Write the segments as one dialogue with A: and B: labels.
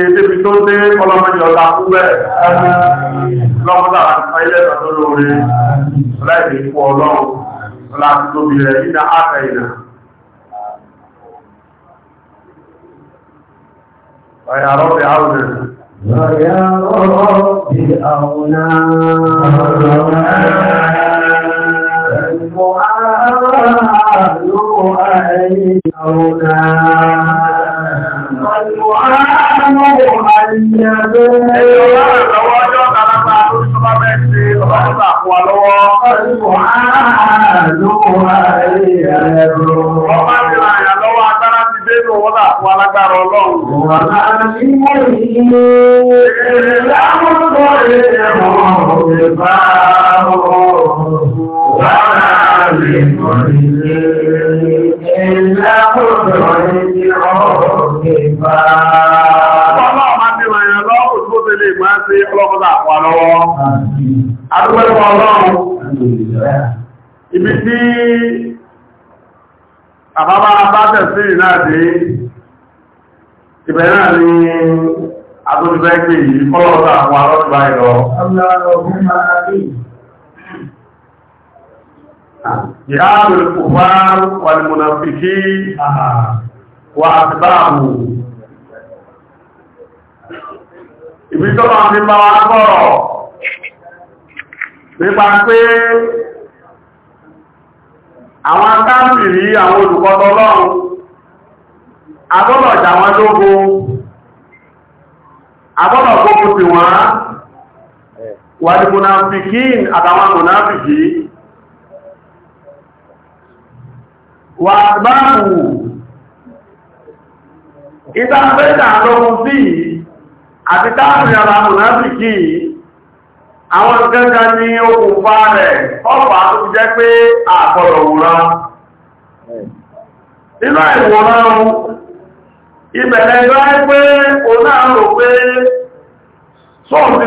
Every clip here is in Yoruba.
A: Èdèbí tó dé ọlọ́mọdé ọ̀la fún bẹ́ẹ̀. Lọ́mọdé àwọn ilé ẹ̀sọ́ lóore. Láìpẹ́ ikú ọlọ́run. Ọlá ti tóbi rẹ̀ nínú àtẹ ìlà. Ọ̀yà rọ́bì àrùn Ọ̀yà rọ́bì àrùn Ẹ̀mọ̀
B: àárọ̀ àlọ́ àyè àrùn náà.
A: Ọba ti ra ìyàlọ́wọ́ agbára ti dé ní òun láàfún alágbára ọlọ́run. Ọba ti mú ìlú ìlàmúkọ̀ ìrẹ̀mọ̀
B: ìbára ọ̀rọ̀. Ọba ti mú ìlú
A: Ibi tí àbábá bá tẹ̀sí ìnáàdé, ìbẹ̀rẹ̀ náà ni àtúnṣẹ́ yìí kọ́lọ̀ọ́ta àwọn arọ́gbà ìrọ̀. جهاد الكفار والمنافقين وأتباعه ibi tó máa fi bá wa bọ̀rọ̀ nípa pé àwọn akáàmìrí àwọn olùkọ́tọ̀ lọ́run agbọ́lọ̀jà wọn lógo agbọ́lọ̀ gbogbo tí wọ́n wà ní mùnàfikín àtàwọn mùnàfikín wàgbáàmù ìta fẹ́ta lọ́wọ́ sí àti táàrin ara mùnáfi kí àwọn ìkẹta ní okùnfà rẹ̀ ọpa tó jẹ́ pé àkọlọ̀ nínú ìwòrán ìbẹ̀rẹ̀ ẹgbẹ́ pé o náà pé sóòsì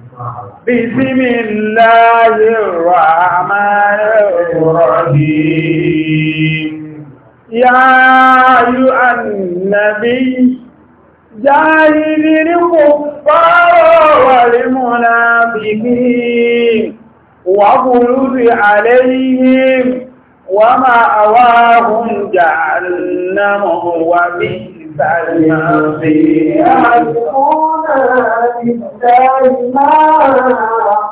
A: بسم الله الرحمن الرحيم يا أيها النبي جاهد الكفار والمنافقين واغلظ عليهم وما أواهم جهنم وبئس سلما يعرفون
B: بالله
A: ما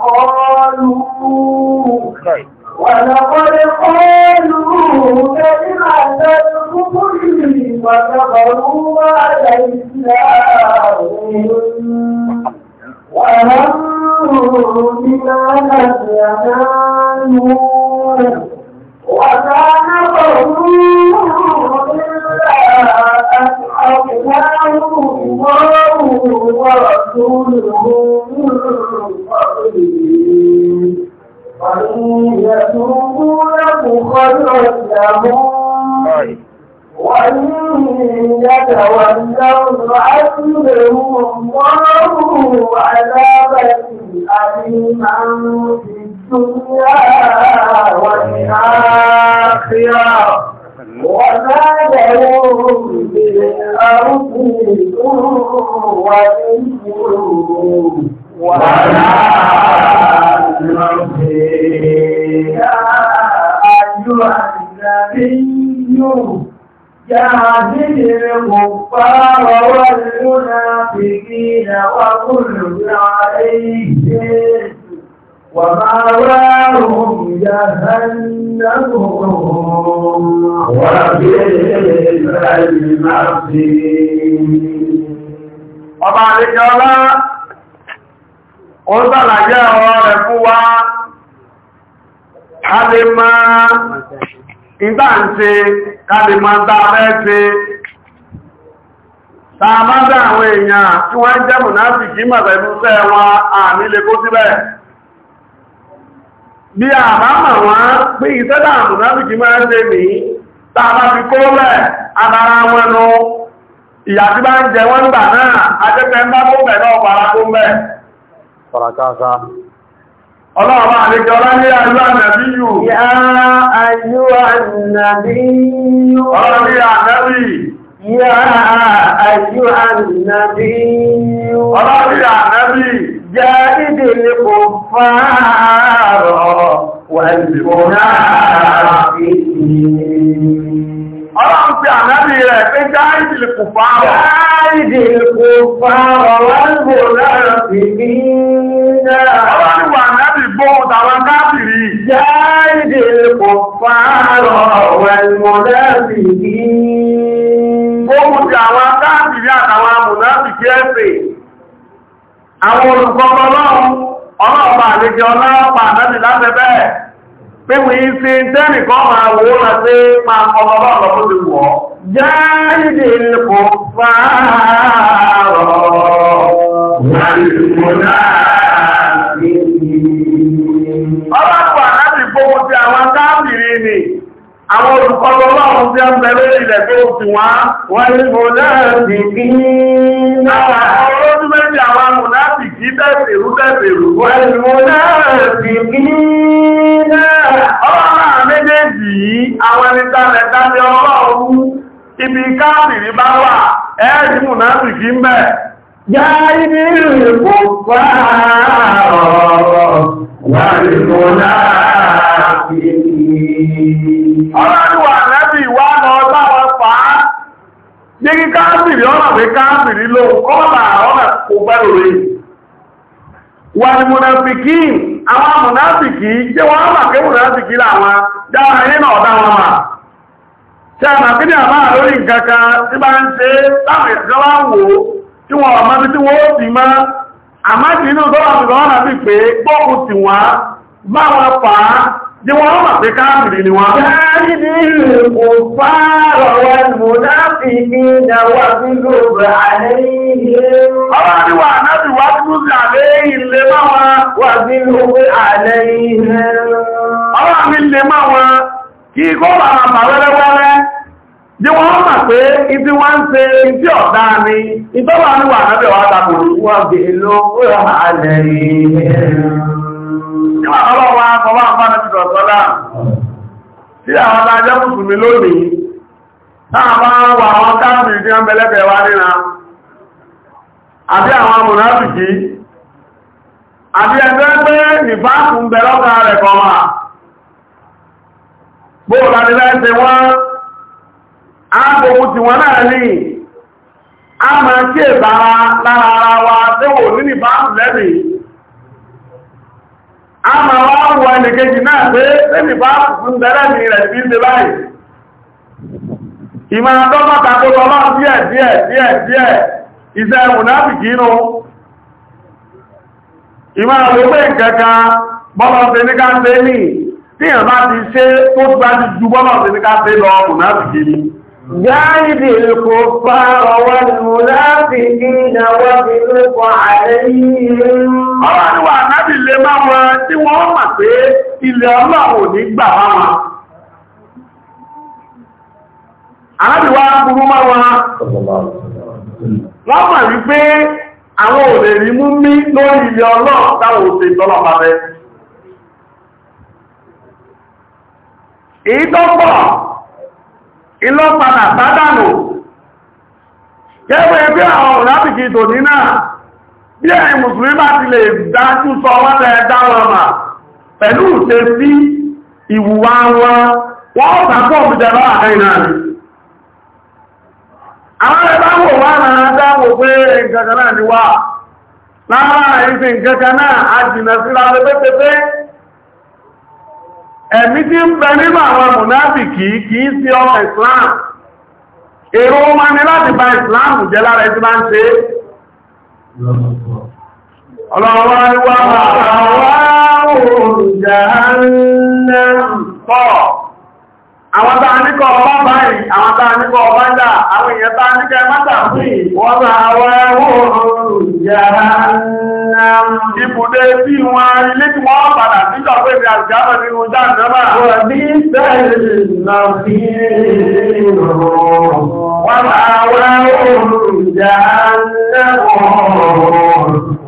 A: قالوا
B: ولقد
A: قالوا كلمة
B: الكفر وكفروا على الإسلام وهم بما لم ينالوا
A: وكان قومه إلا أن الله
B: ورسوله من قبله وإن يتوبوا لك خيرا لهم وإن يتولوا يعذبهم الله عذابا أليما في
A: الدنيا والآخرة وما لهم بالأرض ولي
B: ولا نصير يا أيها النبي
A: جاهد الكفار والمنافقين وكل عليهم ومأواهم
B: جهنم وبئس
A: المصير ọba àdéjọ ọlá
B: ó sàlàyé ọ̀rọ̀ rẹ̀ fún wa
A: ká lè máa ìgbà ń ṣe ká lè máa ń dáa ṣe tàà àwọn èèyàn tí wọ́n jẹ́ mùnáfìkì mọ̀bẹ̀lú sẹ́ wa àmì lè kó síbẹ̀ bí àbámà wọn pé ìtẹ́lá àmùnábìkì máa ń lè ní tàbá fi kó lẹ̀ abara wọn nú ìyà tí bá ń jẹ wọ́n gbà náà ajẹ́fẹ́ ń bá kó bẹ̀ náà fara kó mẹ́
B: farakása
A: ọlọ́ọ̀bá àlejò ọláyé nàbí yá nàbí Ya ayu ànàbí ọlọ́rí ànàbí jẹ́ ìdè lè kò fàárọ̀ wẹ̀lùmọ́nà Ọlọ́run ti ànàbí rẹ̀ pé já ìdè lè kò fàárọ̀. Já ìdè lè kò fàárọ̀ wẹ̀lùmọ́nà fìdí náà. Ọlọ́run wà ànàbí gbóhùn tàwọn káàkiri. Já àwọn káàkiri àtàwọn amùnáàbìkí ẹ̀sìn àwọn olùkọ́kọ́ ọlọ́run ọlọ́ọ̀pá àlejò ọlọ́ọ̀pá àdáni lábẹ́bẹ́ pé wọ́n yí sí tẹ́nìkan máa wò lọ sí máa kọmọ àwọn ọlọ́run tí ó ń bẹ lórí ilẹ̀ tó fi wá wọ́n ní mo láti kí náà olójú méjì àwọn amúnáàtì kí tẹ̀sìrú tẹ̀sìrú wọ́n ní mo láti kí náà ọlọ́run méjèèjì yìí àwọn ẹni tálẹ̀ tálẹ̀ ọlọ́run ibi káàmìrí bá wà ẹ́ẹ̀rí múnáàtì kí ń bẹ̀ yá ibi ìrìnkú pààrọ̀ wà ní mo láti kí Ọlọ́run wà káàbìrì wá lọ wọn fà kí káàbìrì ọ̀nà pé káàbìrì lóhun kọ́ọ̀là ọ̀nà kò wà ní mùnàfìkì àwọn mùnàfìkì jẹ́ wọ́n mà pé mùnàfìkì làwọn dára yín náà dá wọn mà ṣe ni àmà lórí nǹkan tí bá ń ṣe láwọn tí wọ́n ni wọ́n mọ̀ pé káàkiri ni wọ́n. wọn múnáfi ní ìdáwà nílò rẹ̀ àlẹ́yìn. Ọwọ́ ni wà náàbì wá tún sí àlẹ́yìn máa wọn. Wà nílò rẹ̀ àlẹ́yìn. Ọwọ́ mi lè máa wọn kí kó bàbá bà ibi wọ́n ń ṣe ibi ọ̀dá ni, ìtọ́wà ni wà náàbì wá tàbí wọ́n Ọlọ́wọ́ akọwà àpára ti dọ̀sọ́lá. Tí àwọn adájọ́ mùsùlùmí lónìí, táà bá ń wà àwọn káàkiri tí wọ́n bẹ̀lẹ́bẹ̀ wá nínú.
B: Àbí àwọn amùnáfìkì,
A: àbí ẹgbẹ́ pé nìbáàkùn bẹ̀lọ́kà rẹ̀ kọ máa. Bóòlá ni lẹ́sẹ̀ wọ́n, ágbogbo ti wọ́n náà ní a máa kí èbára lára ara wa tí wò ní nìbáàkùn lẹ́mìí. a máa wá wọ ẹnìkejì náà pé lẹ́mì bá fún tẹ́lẹ̀mì rẹ̀ sí ilé báyìí ma àdọ́mọ́ta tó lọ lọ́n díẹ̀ díẹ̀ díẹ̀ díẹ̀ iṣẹ́ mùnáfìkì nù ìmọ̀ àlọ́gbé ìkẹta bọ́lọ̀ ṣe ní ká ń tẹ́ ni tí ti جانب الكفار والمنافقين وبلق عليهم. ọ̀rọ̀ ni wà nábì lè máa wọn tí wọ́n mọ̀ pé ilẹ̀ ọlọ́run ní gbà wọn. alábì wá burú máa wọ́n mọ̀ wípé àwọn ò rí mú mí lórí ilẹ̀ ọlọ́run táwọn ìlọ́padà sádànù kẹwẹ́ bí àwọn òlábìkì tòní náà bí ẹ̀yìn musulmi bá ti lè dájú sọ wọ́n lẹ dáwọn pẹ̀lú ṣe sí ìwùwà wọn wọ́n sàkó òmìnira àárín náà ni na isi ẹ̀mí tí ń bẹ nínú àwọn mùnáfìkì kìí sí ọmọ islam èrò wọn ni láti bà islam jẹ́ lára ẹ̀sí bá ń ṣe ọlọ́wọ́
B: àwọn tá a ní ọba báyìí àwọn tá a ní àwọn èèyàn a ní kẹ́ mọ́tà fún yìí wọ́n bá yàrá
A: náà. ibùdó wọn ilé tí wọ́n padà níjọ́ pé ní àjàmọ̀ ní ọjà ìjọba. wọ́n bí sẹ́ẹ̀lì náà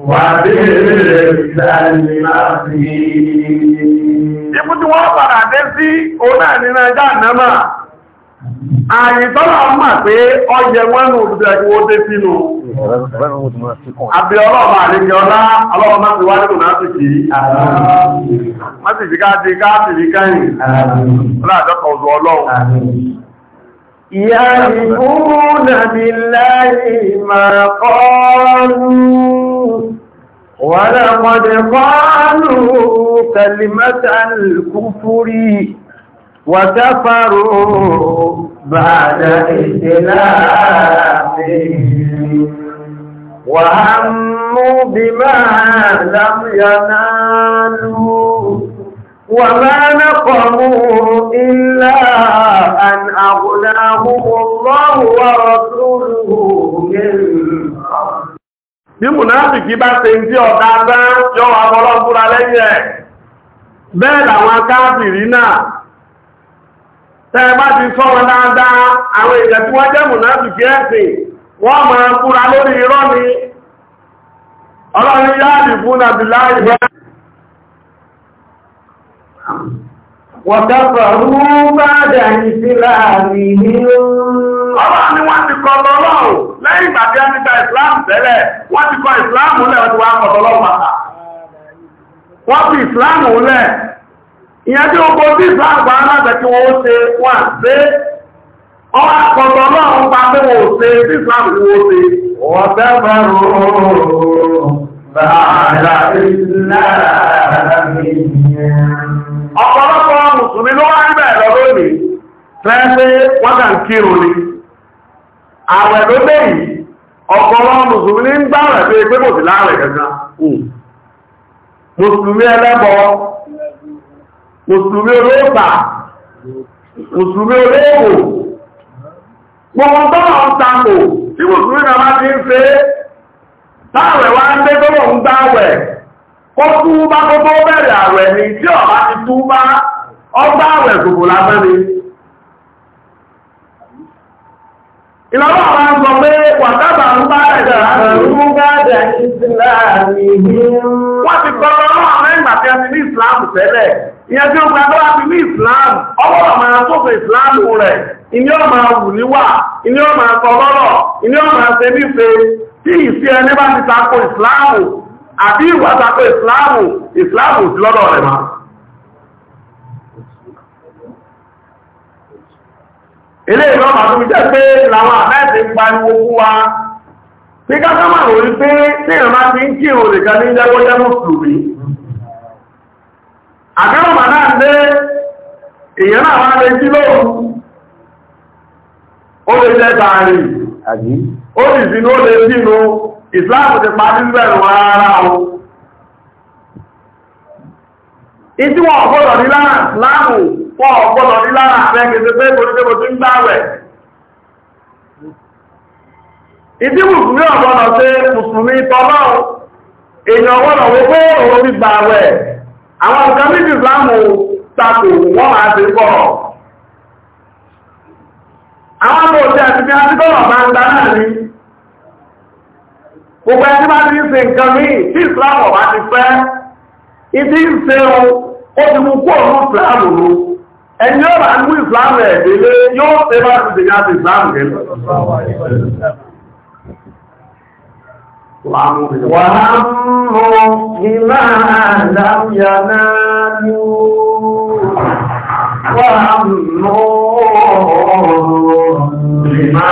A: Ibú tí wọ́n padà dé sí oná nínú ẹjá ànámà, ààyè tọ́lá mọ̀ pé ọjẹ wọ́n nù òdúdú ẹgbẹ́ ó dé sínú. Àbí ọlọ́ọ̀mà àlejò ọlá, ọlọ́ọ̀mà ti wá nínú يعرفون بالله ما قالوا ولقد قالوا كلمة الكفر وكفروا بعد إسلامهم وهموا بما لم ينالوا وما نقموا إلا أن أغناهم الله ورسوله من bí mùnáfìkì bá ṣe ń tí ọ̀dá tán yọ́ wà bọ́lọ́gbúra lẹ́yìn ẹ̀ bẹ́ẹ̀ làwọn káàbìrí náà tẹ́ bá ti sọ wọn dáadáa àwọn èèyàn tí wọ́n jẹ́ ẹ̀sìn wọ́n lórí irọ́ ni ọlọ́run yáàdì fún nàbìláì Wọ̀tọ́kọ̀rú bàdà ìsìláàmì Ọlọ́run ni wọ́n ti kọ lọ́lọ́run lẹ́yìn ìgbà tí a ti gba ìsìlámù tẹ́lẹ̀, wọ́n ti kọ ìsìláàmù lẹ́ ti kọ̀ pàtà. Wọ́n fi Ìsìlámù lẹ́, ìyẹn tí pa aláàbẹ̀ wọ́n ṣe wà pé ọ̀pọ̀lọpọ̀ mùsùlùmí ló wá níbẹ̀ lọ lónìí tẹ́ẹ̀fẹ́ wákà ń kírun ni àwẹ̀ ló yìí mùsùlùmí pé pé kò láàrẹ̀ kankan mùsùlùmí ẹlẹ́bọ mùsùlùmí olóòpà mùsùlùmí kó túbá bẹ̀rẹ̀ àwẹ̀ tí ọba ti àwẹ̀ gbogbo lábẹ́ni
B: ìlànà àwọn ń pé wàtábà ń bá wọ́n
A: ti kọ́kọ́ lọ́wọ́ àwọn ìgbà tí a ti ní ìsìláàmù tẹ́lẹ̀ ìyẹn tí ó gba tó láti ní ìsìláàmù ọwọ́ ọmọ ẹran tó fẹ́ ìsìláàmù rẹ̀ ìní ọmọ àbí ìwà àtàkọ ìsìláàmù ìsìláàmù sí lọ́dọ̀ rẹ̀ máa ilé ìlú ọmọ àtúnmí jẹ́ pé làwọn àbẹ́ẹ̀sì ń pa ìwò fún wa
B: tí pé tí ìrànlá
A: ti ń kí ìrò nìkan ní jẹ́ jẹ́ mùsùlùmí àgbẹ̀rún màá náà dé èèyàn náà wá lè jí ìsìláàmù ti pa ní bẹ̀rù rárá o ìtí wọn ọ̀gbọ́dọ̀ ní lára láàmù wọn ọ̀gbọ́dọ̀ ní lára rẹ̀ gẹ̀ẹ́sẹ̀ pé kò ní tí ń gbáwẹ̀ ìdí mùsùlùmí ọ̀gbọ́dọ̀ ṣe mùsùlùmí tọ́lọ́ èèyàn ọ̀gbọ́dọ̀ wo pé òun ti gbàwẹ̀ àwọn nǹkan ní ìsìláàmù takò wọ́n máa ti pọ̀ àwọn ọmọ àti bí a ti gbọ́dọ̀ gbogbo ẹni máa ti ń ṣe nǹkan míì tí ìsìláàmù ọ̀bá ti fẹ́ ìdí ń ṣe o ó ti mú kó òun ìsìláàmù lò ẹni ọ̀bá ń mú ìsìláàmù ẹ̀ yóò ṣe bá ti dèjà ti ìsìláàmù rẹ̀ lọ. Wàhámù ìlà àdámyàná yóò wàhámù ìlà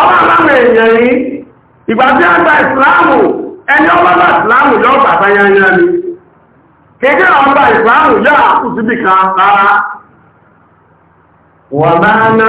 A: ọlọ́ọ̀lá mẹ́yẹ̀ yìí ìgbà tí a gba ìsìláàmù ẹni ọlọ́gbà ìsìláàmù yọ ya yányá ni kéèké ọgbà ìsìláàmù yọ àkùsù bí kan rárá wà máa ná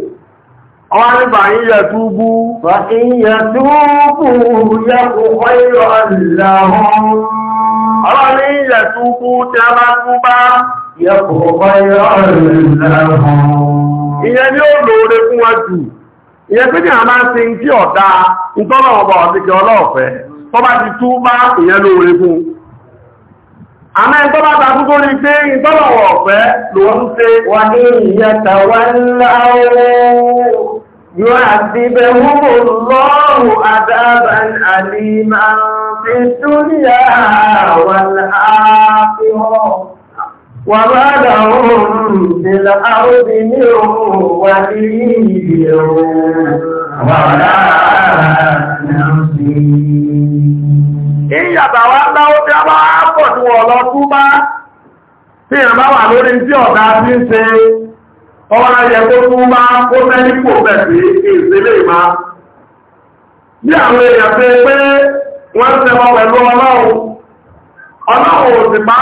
A: ọwá nígbà yíyẹ túbú fa ìyẹ túbú yẹ kò kọ́ ìrọ̀ ìlàhùn ọlọ́ ní ìyẹ túbú tí a bá tún bá yẹ kò kọ́ ìrọ̀ ìlàhùn ìyẹn ni ó lóore fún wọn jù ìyẹn pé ní a máa ń ṣe tí ọ̀dá ìtọ́lọ̀ ọba ọ̀sìnkẹ́ ọlọ́ọ̀fẹ́ tó bá ti túbá ìyẹn lóore fún un àmọ́ ẹgbọ́ bá ta fún lórí pé ìgbọ́lọ̀wọ̀ ọ̀fẹ́ ló ń ṣe wà ní ìyẹta wà láwọ́ yóò àti bẹ̀rún lọ́rùn àdábàn àlìmà fi túnìyà wà láàfihàn wà bádà òun nílà áwọ́dì ìyàtà wá tí a bá pọ̀ lọ bá tí ìyàn bá wà lórí tí ọ̀dá tí ń ṣe ọwọ́n ayẹ tó tú bá kó mẹ́lí pò bẹ̀sí ìṣẹ́lẹ̀ ìmá àwọn èèyàn ṣe pé wọ́n ṣẹbọ pẹ̀lú ọlọ́run ọlọ́run ò sì máa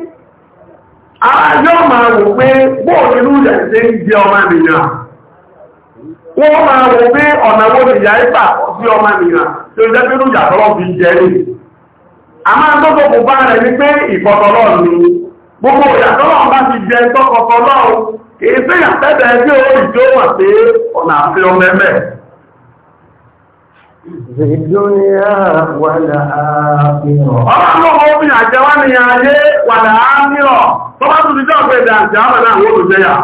A: aláàjọ́ máa wò pé bóòlù lúdẹ̀ ṣe ń jẹ ọmọ ènìyàn wọ́n máa wò pé ọ̀nà wo ìyá ìpà sí ọmọ ènìyàn tó jẹ́ pé lúdẹ̀ fi jẹ́ ní a máa tó tó kò bá rẹ̀ ní pé ìfọ̀tọ̀lọ́ ni gbogbo ìyàtọ́lọ́ bá ti jẹ tọkọtọlọ́
B: في الدنيا
A: والآخرة ọlọ́run ó fi àjẹ́ wá ní ayé wà láàárínà tó bá tún ti jẹ́ ọ̀pẹ́ ìdá àjẹ́ àwọn àwọn olùjẹyà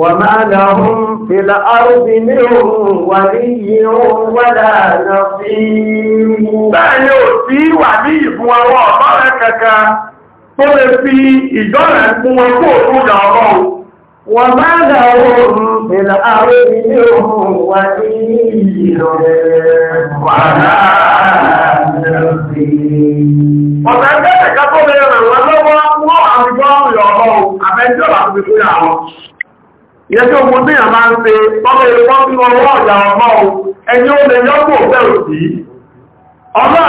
A: وما لهم في الأرض من ولي ولا نصير sí wà ní ìfún tó lè fi ìjọ́rẹ̀ fún òkú ìjà ọlọ́run وما لهم في الأرض
B: ولي ولا Ọ̀sẹ̀ ẹgbẹ́ ẹ̀kẹ́ tó lè rẹ̀ wọ́n lọ́wọ́ wọ́n àwùjọ ọ̀rọ̀ ọ̀rọ̀ àbẹ́jọ́ àti
A: fún àwọn. Ìyẹ́ tí ogun tí àmá ń ṣe tọ́lẹ̀ ìrẹ́kọ́ tí wọ́n wọ́n ọ̀jà ọ̀rọ̀ ẹni ó lè yọ́pù òfẹ́ òsì. Ọlọ́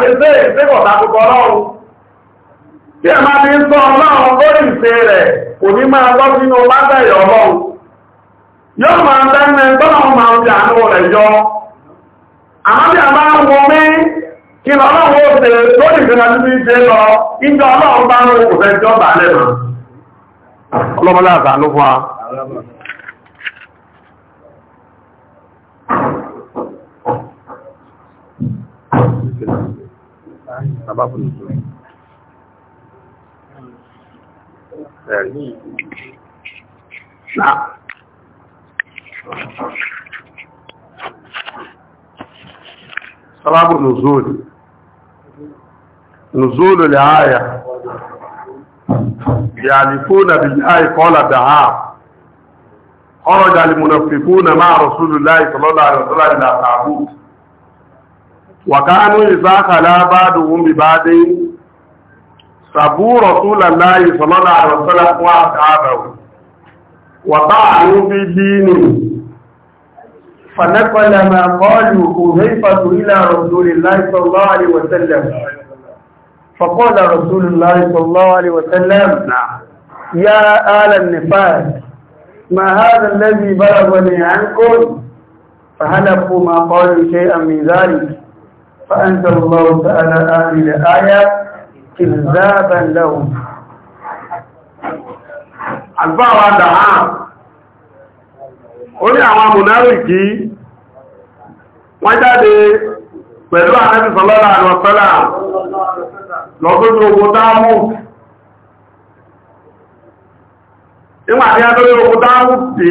A: ṣe ṣe ìṣẹ́kọ̀ ọrụ ọrụ sọ ọlọ́run lórí ìṣe rẹ̀ kò ní máa lọ sínú lábẹ́yẹ ọlọ́run yóò máa dẹ́mẹ́ tọ́lọ́run máa ọrụ fi àánú rẹ̀ yọ ń wo mí kí lọ́lọ́run
B: ó sababu nzuri na
A: sababu nuzuli nuzulu liaya يعرفون بالآية قال دعاء خرج المنافقون مع رسول الله صلى الله عليه وسلم إلى تابوت وكانوا إذا خلا بعضهم ببعض صبوا رسول الله صلى الله عليه وسلم وأصحابه وطعنوا في دينه فنقل ما قالوا كهيفة إلى رسول الله صلى الله عليه وسلم فقال رسول الله صلى الله عليه وسلم نعم. يا آل النفاق ما هذا الذي بلغني عنكم فهلكوا ما قالوا شيئا من ذلك فأنزل الله تعالى هذه الآية كذابا لهم àgbà wa dàá ó ní àwọn amùnáríkì pẹ̀lú ànábì sọlọ́lá àrọ̀sọ́lá lọ́gbọ́dọ̀ ogun dáàmù nígbàtí a tó lé ogun sí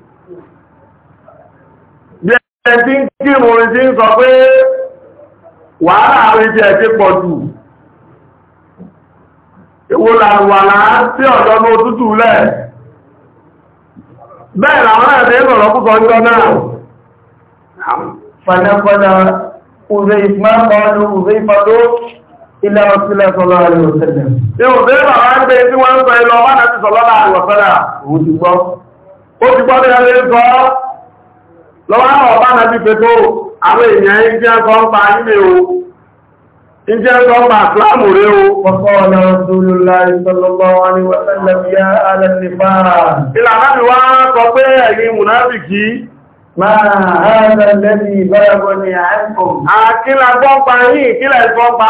A: ẹbí ń kí orin tí ń sọ pé wàhálà àwọn iṣẹ́ ti pọ̀ jù ìwò làwàlá sí ọ̀dọ́ ní òtútù lẹ̀ bẹ́ẹ̀ làwọn ẹ̀sẹ̀ ìrọ̀lọ́ púpọ̀ jọ náà fàdàfàdà òzè ìfúnmọ́kànlú òzè ìfàdó ilẹ̀ ọ̀sílẹ̀ sọ́lọ́ àrẹ̀ òṣèlẹ̀ tí ó bẹ́ẹ̀ bàbá ń gbé tí wọ́n ń sọ ilọ̀ wọ́n lọ́wọ́ àwọn ọba náà ti pé tó àwọn èèyàn ìjẹ́ ọkọ̀ ń pa nílé o ìjẹ́ ọkọ̀ ń pa àtúlámù rẹ o ọkọ̀ ọ̀nà òṣèlúlá ìsọlọ́gbọ́ wọn ni wọ́n tẹ́lẹ̀ bí i alẹ́ nípa ìlànà mi wá sọ pé ẹ̀yin mùnáfìkì Máa hádà lẹ́bí ìbáragbọ́ ni àìkùn. Àkílà gbọ́npa yìí, kílà ìgbọ́npa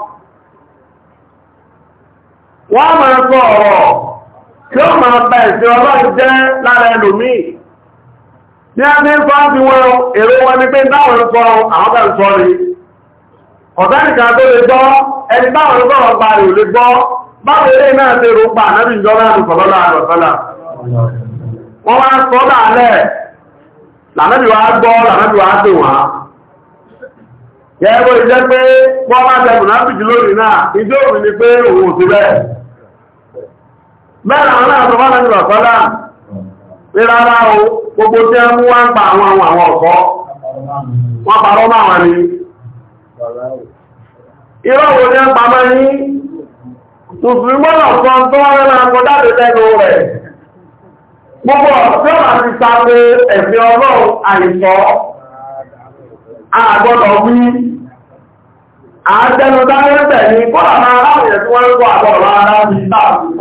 A: wọ́n á máa sọ ọ̀rọ̀ tí ó máa bá ẹ̀sìn ọlọ́run jẹ́ lára ẹlòmíì ní a ní sọ ti wọ́n èrò wọn ni pé dáwọn ń sọ àwọn bẹ̀rẹ̀ sọ rí ọ̀sánìkan tó lè gbọ́ ẹni ń sọ̀rọ̀ pa lè gbọ́ náà rò pa ìjọba sọ lànàbì wá gbọ́ lànàbì wá wá pé wọ́n bá jù lónìí náà ìjọ́ pé bẹ́ẹ̀rẹ̀ àwọn àtọ́bá náà jùlọ sọ́dá rírára o gbogbo tí a mú wá ń pa àwọn àwọn àwọn
B: wọ́n parọ́ máa ní
A: irọ́ wo ní ẹpa máa ní tùsùn gbọ́nà kan tó wọ́n rẹ̀ gbogbo ọ̀sẹ̀ wà ti ẹ̀fẹ́ ọlọ́run wí àádẹ́nu bẹ̀ tí wọ́n ń kọ́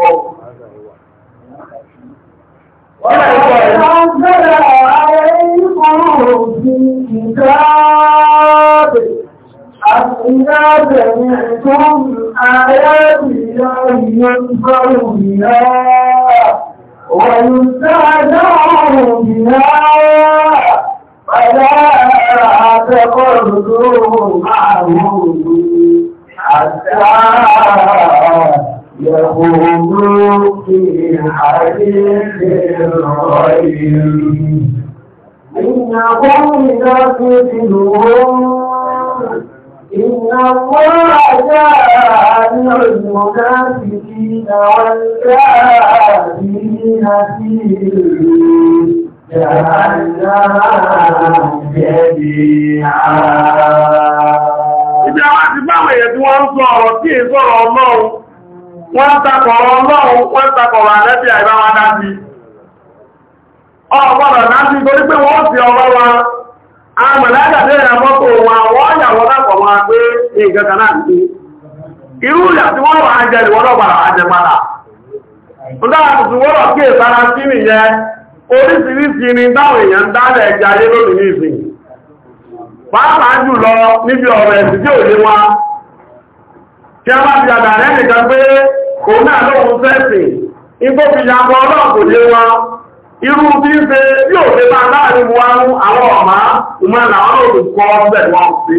A: وأنزل عليكم في كتاب أَإِذَا سَمِعْتُمْ آيَاتِ اللَّهِ يُكْفَرُ بِهَا
B: وَيُسْتَهْزَأُ بِهَا فَلَا تَقْعُدُوا مَعَهُمْ حَتَّى يقولوا في حديث الغيب
A: إنهم لفتنهم إن الله
B: جامع المنافقين والكافرين في جهنم جميعا.
A: Ibi àwọn àti báwọn èèyàn tí wọ́n ń sọ ọ̀rọ̀ tí èsọ̀rọ̀ Ọlọ́run wọ́n takọ̀rọ̀ ọlọ́run wọ́n takọ̀rọ̀ àlẹ́bí àìbáwá dájú ọgbọ́nà dájú torí wọ́n ti ọgbọ́ wa àmàlẹ́gbàdé ìrànmọ́tò wọn wọ́n yàwọ́ lápọ̀ wọn pé ní ìgẹ́ta náà ní Ndị wọ́n wà jẹ́ ìwọ́lọ́gbàrà àjẹmọ́lá dáwọn èèyàn ayé lónìí ní ìsìn pàápàá jùlọ níbi tí ò òun náà lóhun fẹ́sìn igbó ọlọ́pù lé wọn irú bí ṣe yóò ṣe máa láàrin wa ń àwọn ọ̀má ìmọ̀ làwọn olùkọ́ ọ̀bẹ̀ wọn sí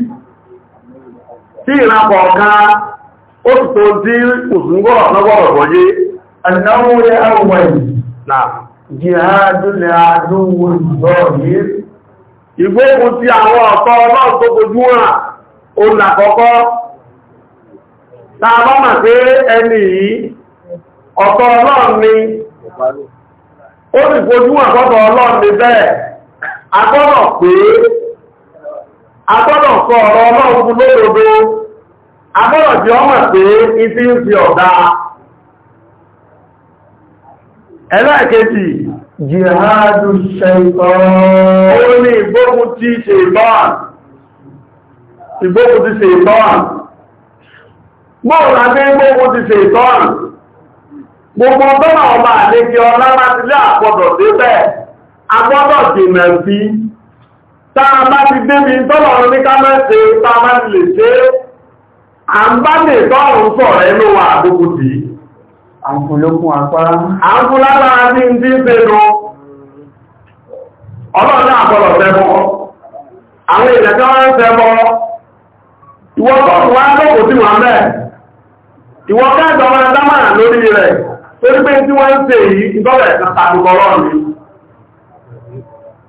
A: tí ìran kọ̀ọ̀kan ó sì tó dí òsùngbọ̀rọ̀ lọ́gbọ̀rọ̀ bọ̀yé ẹ̀náwó rẹ̀ àwọn ìlà jihadulẹ̀ àdúgbò ìgbọ́ọ̀yé àwọn ọ̀tọ́ ọlọ́run
B: agbọ́dọ̀ sọ ọ̀rọ̀ ọlọ́run
A: lódodo agbọ́dọ̀ jẹ́ ọmọ pé ibi ń fi ọ̀dá ẹlẹ́ẹ̀kejì jihadu ṣẹ̀tọ́n ó ní ìgbógun ti ṣe ìbọ́n ìgbógun ti ṣe ìbọ́n mọ́ọ̀lá ní ìgbógun ti ṣe ìbọ́n gbogbo tọ́nà ọba àlejò ọlá láti lé àpọ̀dọ̀ débẹ̀ agbọ́dọ̀ jìnà sí táa bá ti débi tọ́lọ̀rún ní ká mẹ́sẹ̀ táa bá ti lè ṣe à ń bá lè sọ̀rọ̀ ẹnu wa àdókò
B: tí àǹfòlókún àpárá
A: àǹfòlágbára ní ń dín pẹ̀lú ọlọ́run àpọ̀lọ̀ fẹ́mọ́ àwọn èèyàn tí wọ́n ń fẹ́mọ́ ìwọ tọ́rùn wá ìwọ dámà lórí rẹ̀ torí pé tí wọ́n ń ṣe yìí ìtọ́lẹ̀ kan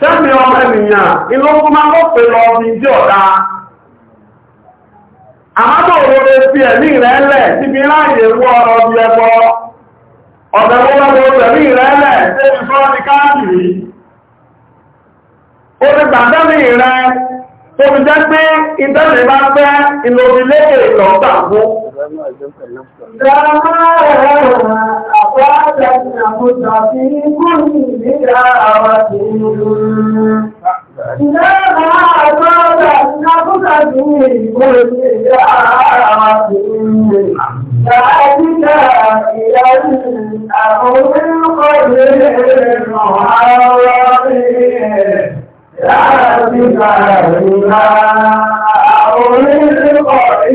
A: sẹ́mi ọmọ ènìyàn inú kú máa ló pè lọ bí jẹ́ ọ̀dá àmọ́tò òwúrò fi ẹ̀mí rẹ̀ lẹ̀ síbi láàyè wú ọ̀rọ̀ bí ẹbọ ọ̀dẹ̀ wọ́wọ́ ẹ̀mí rẹ̀ lẹ̀ débi fọ́ọ̀dì káàkiri ó ti gbàdẹ́mì rẹ̀ tó fi jẹ́ pé ìtẹ́lẹ̀ bá pẹ́ ìlòdì lókè ìlọ́ta fún
B: samu aljantar nafsa أخرجنا متفيكم بدعوة
A: إذا ما أصاب النفس في كل دعوة فأتنا إلى الأمر القدير المعاوض لا بما أمر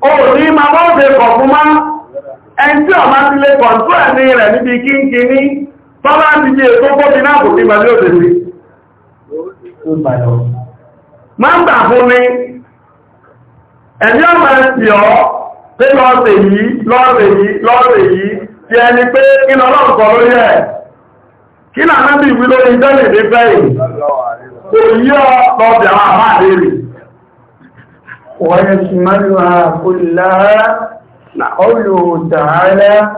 A: o ní ma bọ́ ṣe kọ̀ fún ẹn tí ọmọ ti lè kọ̀ntú ẹ̀mí rẹ̀ níbi ní tọ́lá ti jẹ́ tó gbóbi náà kò sí ní òṣèlú má ń gbà fún ni ẹ̀mí ọmọ ẹ̀sì ọ́ pé lọ́ọ̀rẹ̀ yìí lọ́ọ̀rẹ̀ yìí lọ́ọ̀rẹ̀ yìí ti ẹni pé kí lórí ẹ̀ kí ويشملها كلها قوله تعالى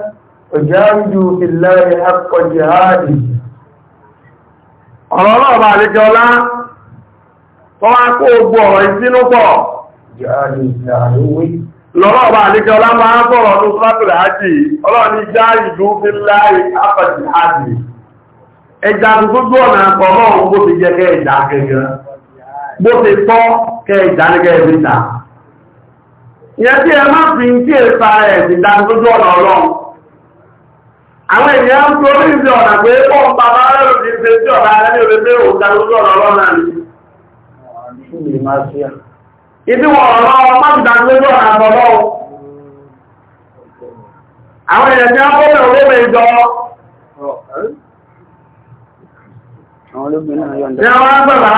A: وجاهدوا في الله حق جهاده ọ̀rọ̀ ọlọ́ọ̀bà àlejọ́lá tó wá kó ogbò ọ̀rọ̀ ìsínú ọba lọ́rọ̀ọ̀bà àlejọ́lá máa ń sọ̀rọ̀ ní sọ́tùrẹ̀ ájì ọlọ́ọ̀ni já ìlú fi láì ápàdì ẹjà àpọ̀ ti jẹ́ bó ti tọ́ kẹ ìdánigẹ́ ìbìta ìyẹn tí ẹ má fi tí è sa ẹ̀ ti dánigbójú ọ̀nà ọlọ́run
B: àwọn ènìyàn ń torí ìdí ọ̀nà pé ó ń pa bá rẹ̀ òdì ṣe tí ọ̀nà rẹ̀ ní òdìdé òun dánigbójú ọ̀nà ọlọ́run náà
A: ni ìdí wọn ọ̀rọ̀ má ti dánigbójú ọ̀nà ọlọ́run àwọn ènìyàn tí wọ́n bọ́ọ̀lù owó mẹ́jọ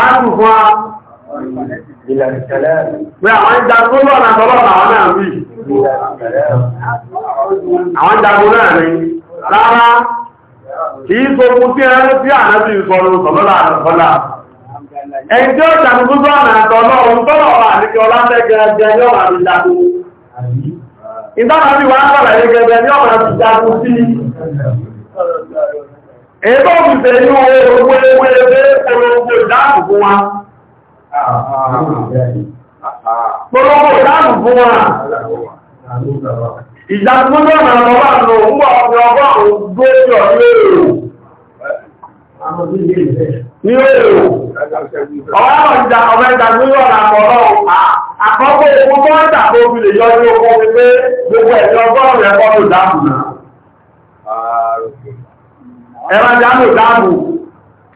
B: Àwọn fún wa. ìlà ìṣẹ̀lẹ̀. Pé àwọn ìjagun lọ́nà tọ́lọ́nà àwọn náà rí. Àwọn ìjagun náà rí. Rárá, kì í
A: so fún tí ẹni tí àná ti sọ̀rọ̀ sọ̀lọ́lá àtọ̀lá. Ẹni tí ó jagun tó sọ̀nà tọ́lọ́run tọ́lọ́run àníkẹ́ ọlámẹ́gẹ̀ẹ́gẹ́ yóò máa fi jagun. Ìdára bí wọ́n á sọ̀rọ̀ ẹ̀gẹ̀gẹ̀ yóò máa fi jagun sí
B: Èébọ̀ òfìsẹ̀ yóò owó ewé ewé ewé ìdáàbò fún wa. Gbogbo ìdáàbò fún wa. Ìjàkúnlẹ̀ ọ̀nà ọba lò ń bọ̀ ọ̀pẹ ọba ògbó yọ̀ ní èrò. Ní èrò. Ọ̀wá ọ̀jà ọ̀bẹ ìjàkúnlẹ̀ ọ̀nà àkọ́rọ̀ àkọ́kọ́ ogun tó ń tàbí omi lè yọ ní oko omi pé gbogbo ẹ̀yọ ọgọ́rùn-ún ẹ̀kọ́ lò dáàbò náà. Ẹ̀rọ ìdáàbò dáàbò.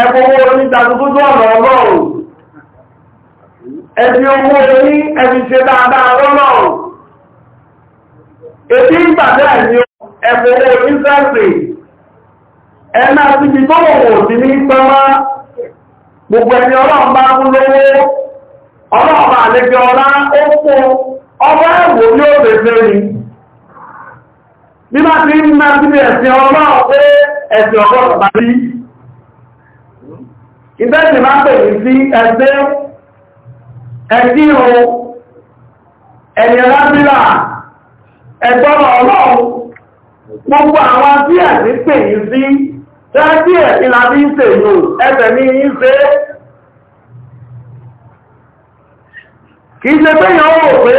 A: ẹgbẹ́ owó onígbàdúgbójú ọ̀nà ọlọ́run ẹbí owó oní ẹbí ṣe dáadáa ìgbàdá ẹgbẹ́ owó ẹ̀nà síbi tó wọ̀wọ̀ sí ní pẹ́mọ́ gbogbo ẹni ọlọ́run bá lówó ọlọ́run bá ìbẹ́sì máa pè sí ẹgbẹ́ ẹ̀díhò ẹ̀yẹ lábílà ẹ̀gbọ́nà ọlọ́run gbogbo àwọn tí ẹ̀sì pè ní sí tí ẹ̀sì lábí ń pè ní ẹ̀sẹ̀ ní ń ṣe kìí ṣe pé yàn wò pé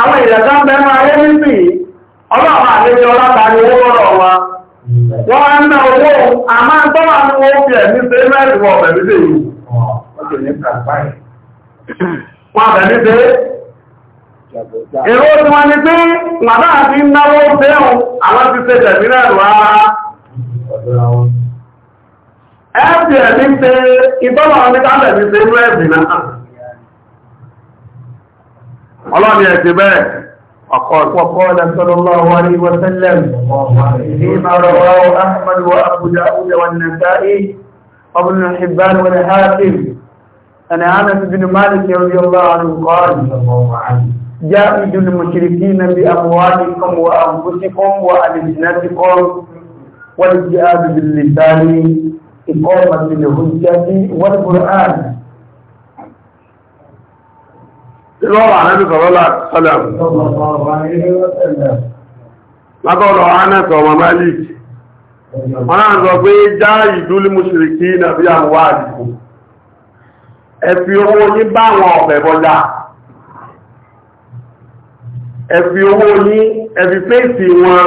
A: àwọn ìrẹ̀sán bẹ́ẹ̀ máa rẹ́ nísìn ọlọ́run àlejò ọlátàrí owó rọ̀ wọn Wọ́n á ná owó àmá tọ́wà ní owó ṣe mẹ́rin wọ yìí. Wọ́n àbẹ̀mí ṣe. Èrò tí wọ́n ni pé màbá àti náwó fẹ́hùn àwọn ti ṣe tẹ̀mí náà rọ̀ ara. Ẹ̀bì ẹ̀mí ṣe ní ṣe mẹ́rin náà. Ọlọ́ni ẹ̀ ti bẹ́ẹ̀. وقال, وقال صلى الله عليه وسلم فيما رواه أحمد وأبو داود والنسائي وابن الحبان والحاكم أن أنس بن مالك رضي الله عنه قال جاهدوا المشركين بأموالكم وأنفسكم وألسنتكم والجهاد باللسان إقامة الهجة والقرآن lọ́rọ̀ àrẹ́bí sọ̀rọ̀lá sọ́lẹ̀m látọ̀rọ̀ anẹ́sọ̀ ọmọ malik wọ́n náà sọ pé já ìdúlé mùsùlùmí nàbí àwọn àdìkù ẹ̀fì owó ní bá àwọn ọ̀pẹ̀ bọ́já ẹ̀fì owó ní ẹ̀fì pèsè wọn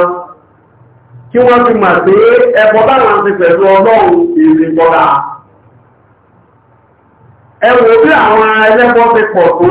A: kí wọ́n ti mà pé ẹ̀bọ̀ báwọn ti pẹ̀lú ọlọ́run ìrìnbọ̀dá ẹ̀wò bí àwọn ẹlẹ́bọ̀ ti pọ̀ tó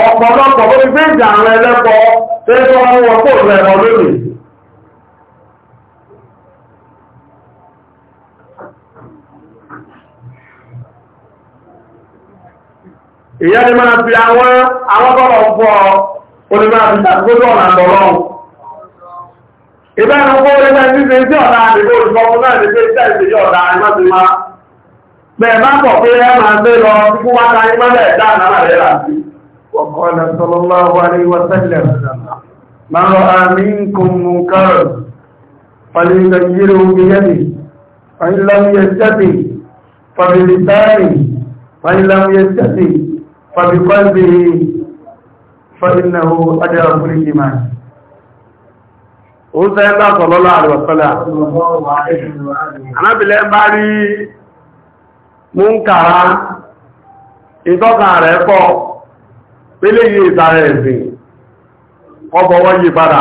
A: ọ̀pọ̀lọpọ̀ ó ti gbé ìjà àwọn ẹlẹ́pọ̀ tẹ́lẹ́pọ̀ wọn wọ́n pò lónìí ni máa fi àwọn kó orílẹ̀ títí tí ọ̀nà àdìgbò ìfọ́kún náà ní pé tẹ́ ìsèyí máa bẹ̀ẹ̀ pé ẹ máa gbé lọ fún wákàá rẹ̀ láti وقال صلى الله عليه وسلم من رأى منكم منكرا فليغيره بيده فإن لم يستطع فبلسانه وإن لم يستطع فبقلبه فإنه أدرى كل إيمان ó sẹ́lá sọ̀lọ́lá àrẹ̀wọ̀sọ́lá anábìlẹ̀ bá rí múnkàrá ìtọ́kà rẹ̀ pọ̀ pélé yìí ìtara ẹ̀sìn ọbọ̀ wọ́n yí padà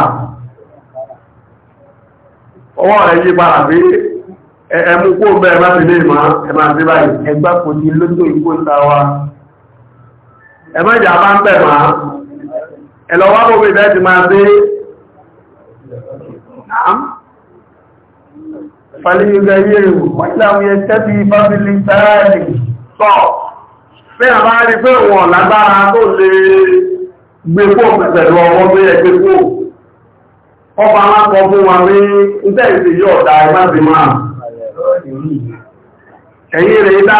A: ọwọ́ rẹ̀ yí padà pé ẹmú kó bẹ́ ẹmá ti lè máa ẹmá ti báyìí ẹgbá kò ní lójó ikú ìta wa ẹmá ìjà bá ń bẹ̀ máa ẹlọ́wà bó bẹ̀ bẹ́ẹ̀ ti máa dé fàlẹ́ yóò gẹ̀ yẹ́ ìwò wọ́n ìlàwọ̀ pé bá rí pé wọ́n lágbára tó lè gbé pọ̀ pẹ̀lú ọmọ bí ẹgbẹ́ pọ̀ ọba wọn fún wa ní iṣẹ́ ìsìn yóò dá ẹgbẹ́ sí máa ẹ̀yìn rẹ̀ ìdá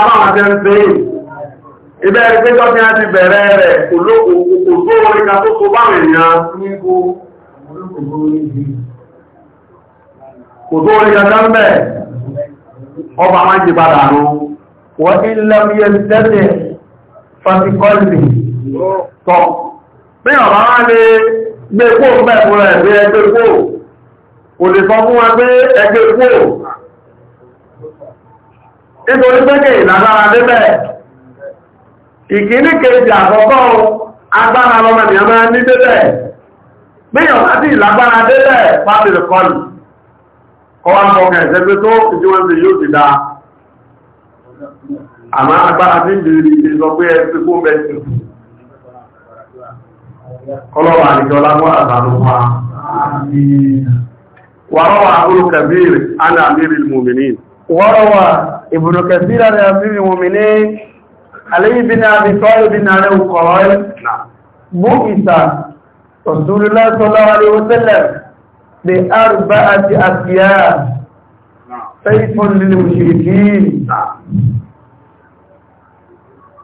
A: ń pè a ti bẹ̀rẹ̀ rẹ̀ kò tó orin ká tó tó báwọn kò tó fàtíkọ́lì tọ́. Bí ọ̀rọ̀ wá lè gbé kó mẹ́fún rẹ̀ bí ẹgbẹ́ kó, kò lè sọ fún ẹgbẹ́ ẹgbẹ́ kó. Nítorí pẹ́kẹ̀ ìlàlára débẹ̀, ìkíní kejì àkọ́kọ́ agbára lọ́mọnìyàn máa ní débẹ̀. Bí ọ̀rọ̀ sí ìlágbára débẹ̀ fàtíkọ́lì, kọ́ wá sọ àmọ́ agbára tí ń bèèrè ìdè sọ pé ẹgbẹ́ kó mẹ́sìn kọlọ́wà àdìjọ lágbọ́n àbàlùmọ́ wàrọ́wà Ibn Kathir ana amiril mu'minin wàrọ́wà Ibn Kathir ana amiril mu'minin alayhi bin abi talib bin alayhi qala bu'itha rasulullah sallallahu alaihi wasallam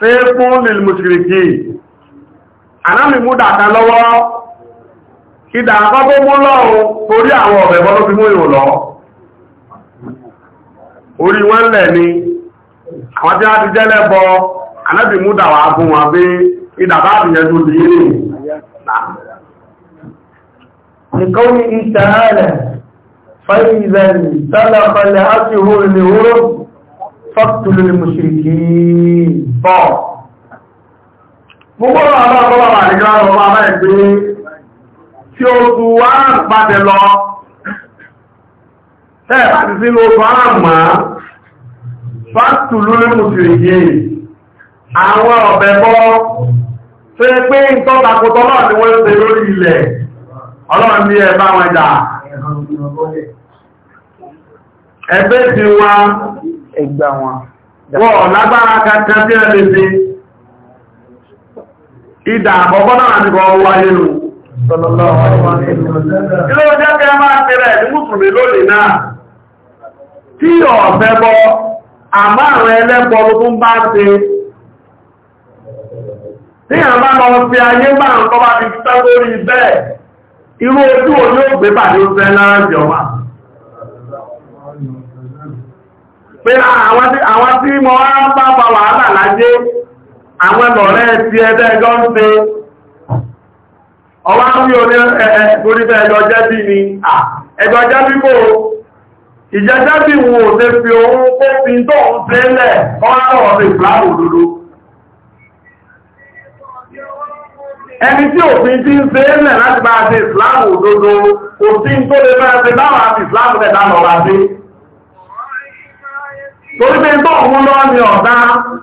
A: fẹ́ẹ̀kún lil mùsùlùmí anáàmì mú dàkà lọ́wọ́ ìdà àkọ́kọ́ mú lọ́wọ́ torí àwọn ọ̀bẹ̀bọ́ ló fi mú ìrò lọ orí wọ́n lẹ̀ ni àwọn tí a ti jẹ́lẹ̀ bọ anáàmì mú dàwà fún wọn pé ìdà bá ti yẹn tó fọ́tùlù ní mùsùlùmí bọ́ gbogbo àwọn ọgbọ́gbọ́ àríjọ́ ọgbọ́ àmà ẹgbẹ́ tí ó tún wá pàdé lọ ẹ̀ láti sí ló tún àmà fọ́tùlù ní mùsùlùmí àwọn ọ̀bẹ̀ bọ́ tó pé ń ni wọ́n ṣe lórí ilẹ̀ ẹgbẹ́ ti wá ẹgbà wọn. Wọ́n lágbára kankan tí ẹ lè ṣe. Ìdà àkọ́kọ́ náà ti kọ wáyé lò. Ilé ọjọ́ kẹ máa ti rẹ̀ ní Mùsùlùmí lónìí náà. Tí ọ̀fẹ́ bọ, àmá àwọn ẹlẹ́pọ̀ lókún bá ṣe.
B: Tí àwọn bá lọ
A: fi ayé bá ń kọ́ bá ti tẹ́ lórí bẹ́ẹ̀, irú ojú òní ò gbé pàdé ó fẹ́ lára jọ̀wọ́.
B: pé àwọn tí mo wá ń bá bá wàhálà láyé àwọn ti ẹgbẹ́jọ́
A: ń ṣe ọwá rí orí ẹgbẹ́ ẹjọ́ jẹ́bí ni ẹjọ́ jẹ́bí kò ìjẹ́jẹ́bí wo ṣe fi owó kó fi tó ń ṣe lẹ̀ ẹni tí òfin ti ń ṣe lẹ̀ láti bá ṣe ìfìláàrù òdodo òfin tó lè bá ṣe báwọn àti ìfìláàrù
B: torí pé tó ọ̀hún lọ́wọ́ ni ọ̀dá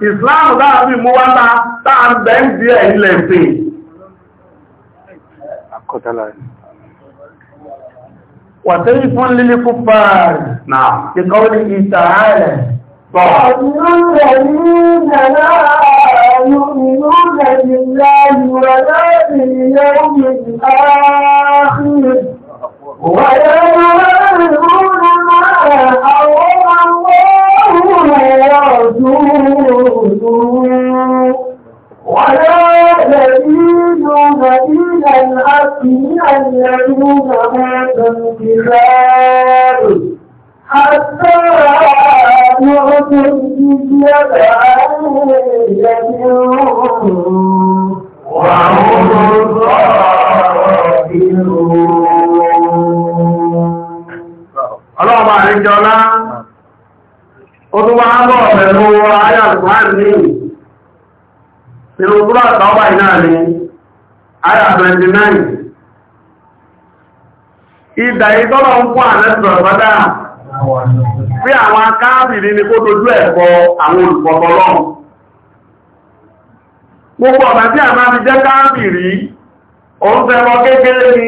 A: islam dáàbí mú wá ta táà ń bẹ̀ ń di ẹ̀ ilẹ̀ pè wàtẹ́yí fún lílé púpà nà kíkọ́ ní ìta ààrẹ̀ tọ́ يؤمنون
B: ورسوله ولا تزيدون
A: إلى الحق من الذين ماتوا الكتاب
B: حتى يعطوا الجزية عن يد Ọlọ́ọ̀bá àríjọ́lá ọdún wa ń bọ̀ pẹ̀lú ayàtùmáàrin
A: nínú kúrò àtàwà ìnáà ní 29 ìdà ìtọ́lọ̀ ń fún àrẹ́sọ̀ pátá pé àwọn akáàbìrì ni kó dojú gbogbo ọ̀nà ti a máa fi jẹ káàbìrì òun fẹ́ kékeré ni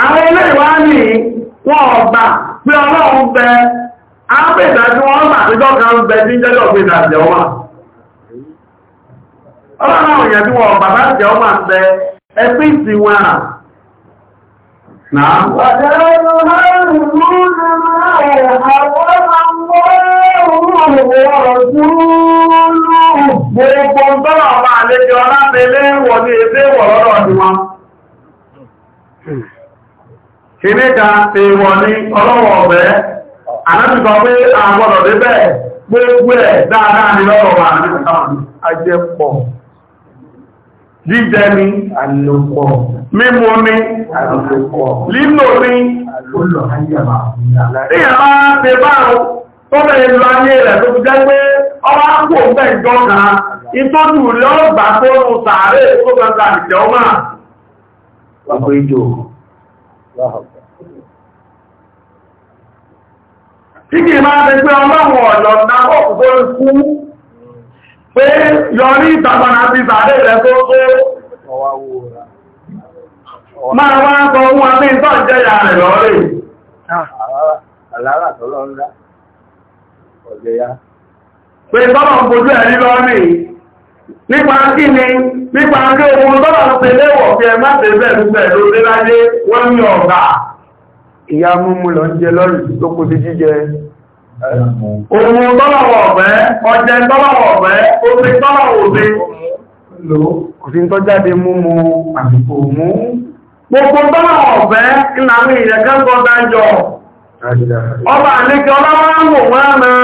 A: àwọn ilé ìwá ní wọ́n ọ̀gbà pé ọlọ́run bẹ ápèsà tí wọ́n bà tí tọ́ka ń bẹ ní jẹ́jọ́ ọmọ
B: ọlọ́run òyìn tí wọ́n ọ̀gbà láti
A: ọmọ bẹ ẹgbẹ́ wọn à náà ní ìmẹ́ta èèwọ̀ ní ọlọ́wọ̀ ọ̀bẹ́ anábìsọ pé àgbọ̀dọ̀ débẹ̀ gbogbo ẹ̀ dáadáa ní lọ́rọ̀ wà ní ajẹ́pọ̀ jíjẹ ní àlòpọ̀ mímu ní àlòpọ̀ lílò ní àlòpọ̀ ìyàmá ti bá tó bẹ̀rẹ̀ lọ ayé rẹ̀ tó fi jẹ́ pé ọwá kò bẹ̀ jọ́ka ìtọ́jú lọ́gbà tó rùn sàárè tó gbẹ̀gbà ìjọ́ máa
B: Wàbúrí jò. Wàhùn. Kíkì máa fẹ́ pé ọlọ́run ọ̀yọ̀ ìdábọ̀ tó kú
A: pé yọrí ìtàbànà ti sàdé rẹ̀ tó
B: tó máa wá sọ ohun àti ìtọ́ ìjẹyà rẹ̀ lọ́rẹ̀. Àlárà tọ́lọ́ ń rá, ọ̀jẹ̀yà.
A: Pé tọ́lọ̀ ń bojú ẹ̀rí lọ́rẹ̀ nípa kí ni nípa kí ohun tọ́lọ̀ ń ṣe léwọ̀ fi ẹ má ṣe bẹ́ẹ̀ ìyá múmú lọ ń jẹ lọ́rù tó kó sí jíjẹ ohun tọ́lọ̀wọ̀ ọ̀fẹ́ ọjẹ́ tọ́lọ̀wọ̀ ọ̀fẹ́ omi tọ́lọ̀wọ̀ omi
B: lò kò sí tọ́jáde múmú àsìkò mú
A: gbogbo tọ́lọ̀wọ̀ ọ̀fẹ́ ìlànà ìrẹ̀kẹ́kọ̀ọ́ dájọ́ ọba àlejò ọlọ́wọ́ ń wò wọ́n mọ́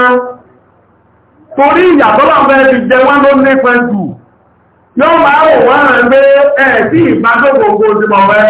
A: torí ìyàtọ́lọ̀fẹ́ ti jẹ wọ́n ló ní pẹ́ jù yóò máa wò wọ́n rẹ̀ gbé ẹ̀ sí ìgbàgbọ́ gbogbo ti mọ̀ rẹ̀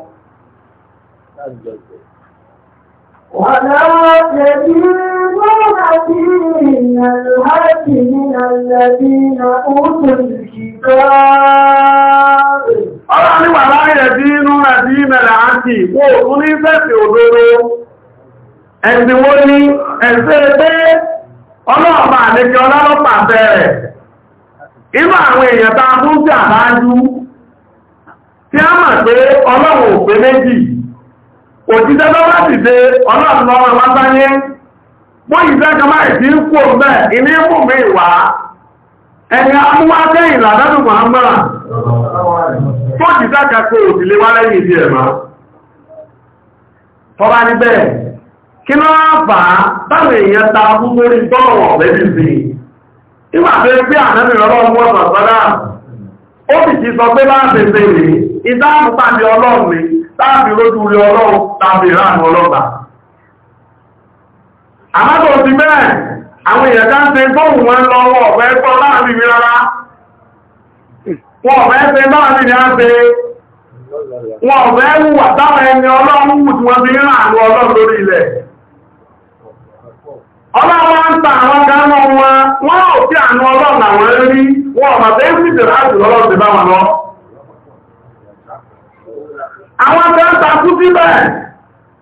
A: ولا تدينون دين الهدي من الذين أوتوا الكتاب Ọlá wà láyé dínú àti ìmẹ̀lẹ̀ àti ìwò òun ní fẹ́sì òdòdó. pé ọlọ́lọ́pàá bẹ̀rẹ̀. Inú àwọn èèyàn tí a mọ̀ òjíṣẹ́ tó bá sì dé ọlọ́run lọ́wọ́ látáyé bóyìíṣẹ́ kama ìdí ń kú ọ̀bẹ́ ilé mú mi wá ẹni amúwáṣẹ́ ìlàdánù mọ̀hámọ́ra tó jíṣẹ́ kẹkọ òsìlé wá lẹ́yìn ìdí ẹ̀mọ́ tọ́bá kí ló fà á táwọn èèyàn ta tọ́lọ̀wọ̀ sí ó sì táàbì lójú rí ọlọ́run táàbì ìrànà ọlọ́gbà àmọ́tò ti bẹ́ẹ̀ àwọn èèyàn ń ṣe gbóhùn wọn lọ́wọ́ ọ̀fẹ́ gbọ́ láàrin mi rárá wọn ọ̀fẹ́ láàrin ni
C: a ọlọ́run ta àwọn gánà wọn wọn ò sí àánú ọlọ́run àwọn ẹni wọn ọ̀mà tẹ́ ń fìdí láti
A: àwọn tẹ́ǹtà kú síbẹ̀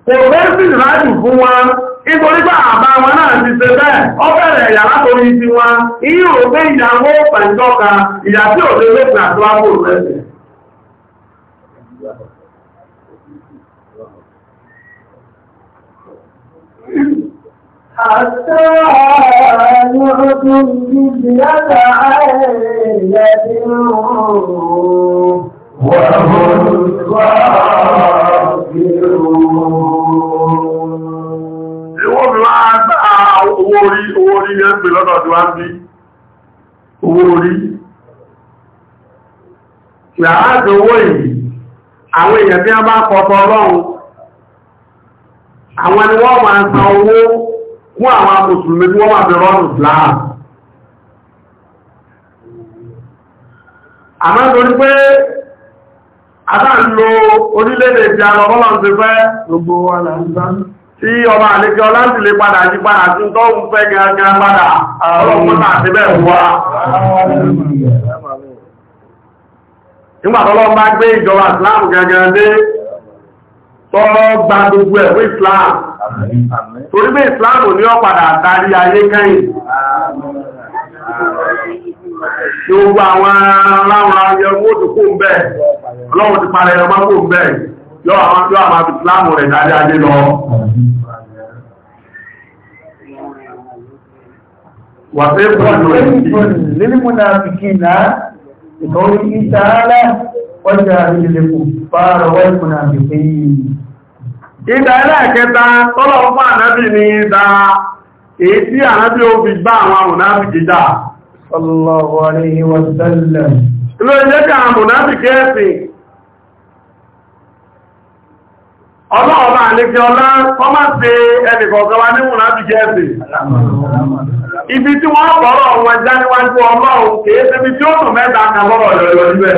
A: kò rẹ́sì rájù fún wọn nítorí pé àbá wọn náà ti ṣe bẹ́ẹ̀ ọ bẹ̀rẹ̀ ìyà látòrí ti wọn iye rò pé ìyàwó pẹ̀ntọ́ka ìyà tí ò lè lópin Owó orí. Yàájò owó yìí, àwọn èèyàn a bá kọ̀ọ̀kọ̀ ọlọ́run, àwọn ni wọ́n máa san owó fún àwọn amùsùlùmí tí wọ́n máa fi rọrùn láàá. Àmá torí pé àbá ń lo orílẹ̀-èdè ti àwọn ọmọlọ́n ti fẹ́ gbogbo wa là ń bá tí ọba àlejò láti lè padà yí padà tí tó ń fẹ́ gangan padà ọlọ́pọ̀ta àti bẹ́ẹ̀ wá nígbàtọ́lọ́ bá gbé ìjọba Islam gangan dé tọ́rọ gba gbogbo ẹ̀kọ́ Islam torí pé Islam ní ó padà darí ayé kẹ́yìn
B: tí ó gba àwọn aláwọn
A: ayẹwò tó ọlọ́run ti parẹ́ ọmọ kò bẹ́ẹ̀ yọ àwọn àti ìsìláàmù rẹ̀ dáadé ajé lọ wàfẹ́ pọ̀lú Ìdá ẹlẹ́ẹ̀kẹta tọ́lọ̀ fún ànábì ní ìdá èyí tí ànábì ó fi gbá àwọn Sallallahu alaihi wa sallam. ló jẹ́ ká àmùnábì gẹ́ẹ̀sì ọlọ́ọ̀bá àlejẹ́ ọlá wọ́n má ṣe ẹnìkọ̀ọ̀kan wa ní múnábì gẹ́ẹ̀sì ibi tí wọ́n bọ̀rọ̀ wọn já níwájú ọlọ́run kìí síbi tí ó tún mẹ́ta kan bọ́rọ̀ lọ́yọ̀ níbẹ̀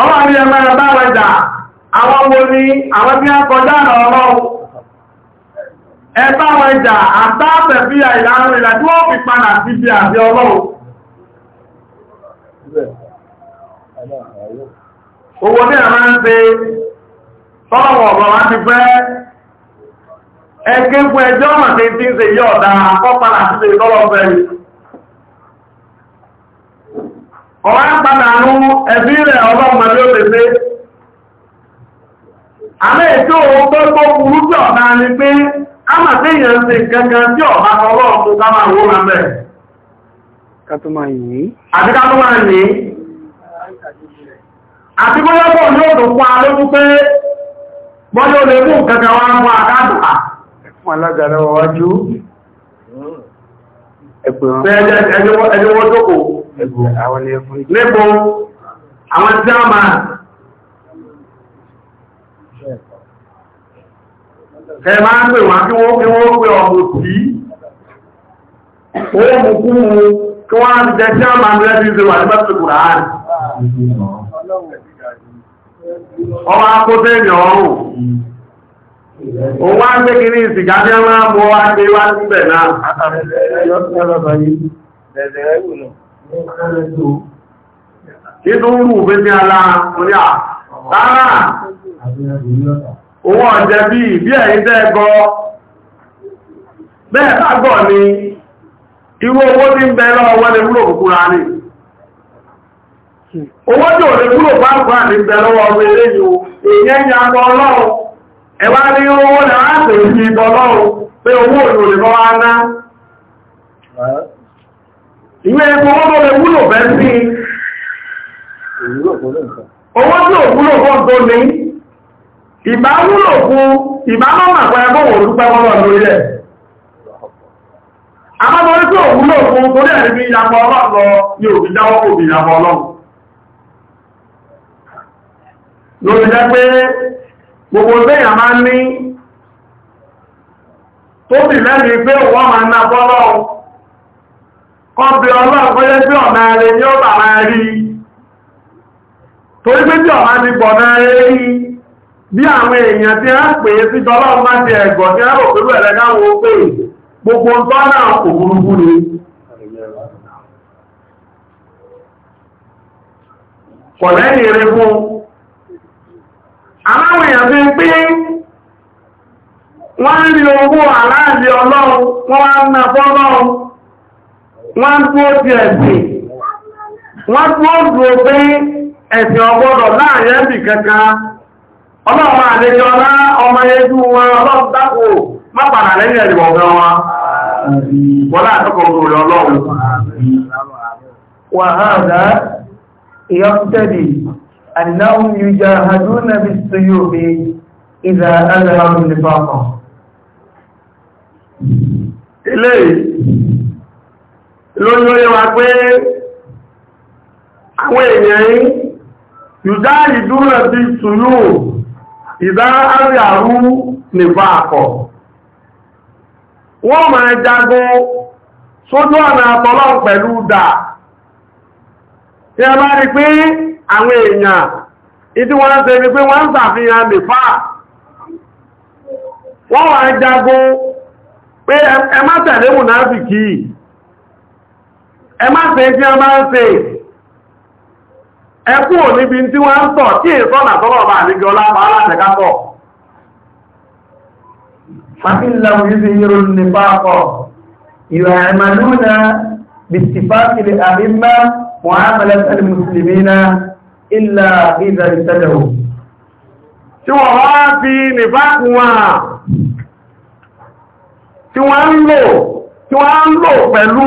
A: ọlọ́run ni ẹmọ ẹ̀bá rẹjà àwọn wo ni àwọn a kọjá ọlọ́run bí i fi padà sí bí àbí ọlọ́run owó ní ẹ̀rọ ń pe fọ́lọ̀wọ̀ ọ̀rọ̀ fẹ́
B: ẹgbẹ́gbẹ́ ẹjọ́ ọ̀nà
A: tí ń ọwá padà nú ẹ̀bí rẹ̀ ọlọ́mọdé ó lè pé àmẹ́ ètò gbogbo a mà tí na ti gẹ́gẹ́ tí ọ̀dá ọlọ́ọ̀tún ká máa wó lábẹ́
B: kátùmá yìí àti kátùmá yìí
A: àti bọ́yọ́pọ̀ ní òdò fún alójú pé bọ́yọ́ lè mú kẹ́kẹ́ wá ń
B: Níbo àwọn
A: tí wọ́n máa kẹ máa ń pè wọ́n kí wọ́n pè wọ́n pè ọmọ sí owó mùkú mu kí wọ́n á jẹ tí wọ́n máa lẹ́bí ìṣẹ́ wà nígbà tó kùrà áàrì.
B: Ọmọ akótẹ́ ènìyàn
A: Òun wá ń gbé kiri ìsìgá tí wọ́n máa mú wá gbé wá níbẹ̀ náà. Bẹ̀rẹ̀ Nínú rú bí ala orí à, owó ọ̀jẹ́ bí bí ẹ̀yìn tẹ́ẹ̀gọ́, bẹ́ẹ̀ ni, irú owó tí ń bẹ lọ́wọ́ wọ́n lè wúlò kúkúrá ní. Owó tí ò lè wúlò pàápàá ní bẹ lọ́wọ́ ọmọ eré ìwé epo owó lè wúlò bẹ́ sí
B: owó tí ò wúlò fún tó
A: ní ìbá wúlò fún ìbá mọ́mà pẹ́ bóòwò dúpẹ́ wọ́n lọ lórí ẹ̀ amábọ́rí wúlò fún torí ẹ̀rí ìyàpọ̀ ọlọ́pọ̀ òbí dáwọ́ ìyàpọ̀ ọlọ́pọ̀ pé gbogbo máa ní tóbi lẹ́ni pé kọ́bẹ̀ ọlọ́pẹ́lẹ́ tí ọ̀nà rẹ̀ ni ó bà máa rí torí pé tí ọ̀nà ni gbọ̀nà rí bí àwọn èèyàn tí a pè é sí tọ́lọ́ ti ẹ̀gọ̀ tí a pẹ̀lú ẹ̀rẹ́ káwọn ó pè gbogbo tọ́nà òkúrúkú ni kọ̀ lẹ́yìn rẹ̀ fún àwọn èèyàn fi pé wọ́n wọ́n dúó ti ẹ̀sìn ẹ̀sìn ọgbọ́dọ̀ láàrin ẹ̀bì kankan ọlọ́run àlejò ọlá ọmọ ẹjú wọn ọlọ́run dákò má lẹ́yìn ẹ̀rìwọ̀ ọ̀gá wọn wọ́n láàtọ́kọ̀ lórí lórí wa pé àwọn èèyàn yìí yùdá ìdúrà bí tùlù ìdá àríàrú nìfà àkọ̀ wọ́n máa jagun sójú ọ̀nà àtọ́lọ́ pẹ̀lú dà tí a bá rí pé àwọn èèyàn ìdí wọ́n ṣe rí pé wọ́n ṣàfihàn nìfà wọ́n wá jago pé ẹ má tẹ̀lé mùnáfìkì yìí ẹ má ṣe tí wọ́n máa ń ṣe ẹ kúrò níbi tí wọ́n ń tọ̀ tí èso ọ̀nà tọ́lọ̀ bá àlejò ọlá máa láti kápọ̀ fàtíláwù yìí yìí ní pápọ̀ ìwà ìmàlúnà bìtìfàkìlì àrímbá mọ̀hámẹ́lẹ́sẹ̀ mùsùlùmí náà ìlà ìdà ìtẹ́lẹ̀wò tí wọ́n wá fi nìfàkù wọn tí wọ́n ń lò pẹ̀lú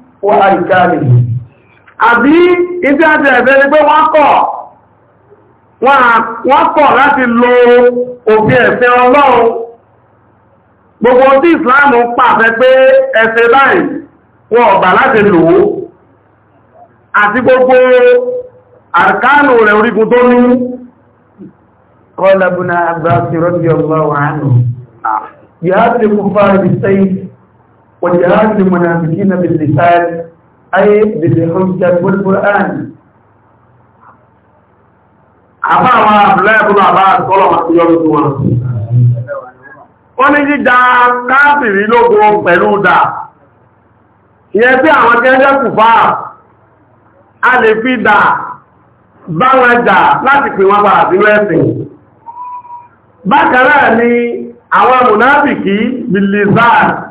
A: wọ́n àríkàrí àbí ibi àti ẹ̀bẹ̀ ni pé wọ́n kọ̀ wọ́n kọ̀ láti lo òfin ẹ̀fẹ́ ọlọ́run gbogbo tí ìsìláàmù pàṣẹ pé ẹ̀fẹ́ báyìí wọ́n ọ̀gbà láti lò ó àti gbogbo àrkánù rẹ̀ orígun tó ní kọ́lẹ̀bùnà àbáṣirọ́bí ọgbà wà ánù yìí á ti kúfà ìsẹ́yìn وجهاد المنافقين باللسان أي بالحجة والقرآن àbá àwọn àbúláìbùn àbá àtọ́lọ̀mà tí yọ́ lójú wọn ó ní jíjà káàkiri lógo pẹ̀lú dà yẹ tí àwọn kẹ́jẹ́ kù fà á lè fi dà bá wọn jà láti pè wọn bá àbí lẹ́sìn bákan ni àwọn mùnáfìkì bìlìsáàdì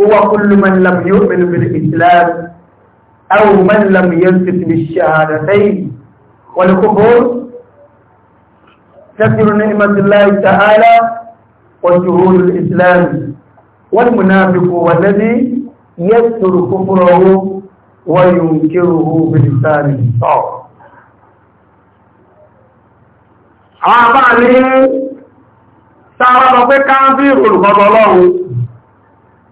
A: هو كل من لم يؤمن بالإسلام أو من لم يلتف بالشهادتين والكفر كثر نعمة الله تعالى وشهود الإسلام والمنافق هو الذي يكثر كفره وينكره بلسانه صار àwọn àbáà ní sára lọ pé ọlọ́run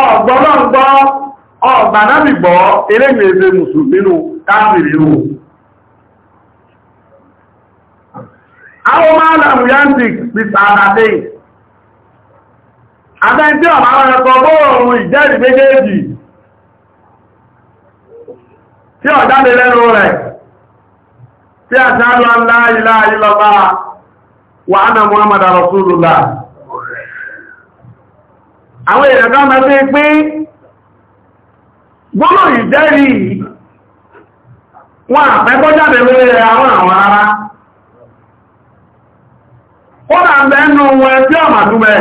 A: ọ̀gbọ́lọ́gbọ́ ọ̀gbàdábìgbọ́ eléyìn eze mùsùlùmí káàkiri nù àwọn máàlàmù yantik mr adade àtẹ́ntí tí ọ̀dáde lẹ́nu rẹ̀ tí àṣálù aláìláìlọ́bá wà ánà muhammadu rasulullah àwọn èèyàn ká máa fi pé gbọ́nà ìjẹ́rì wọn àpẹ́kọ́jáde lórí àwọn àwọn ara ó dà ń bẹ́ẹ̀nù wọn tí ọmà túbẹ̀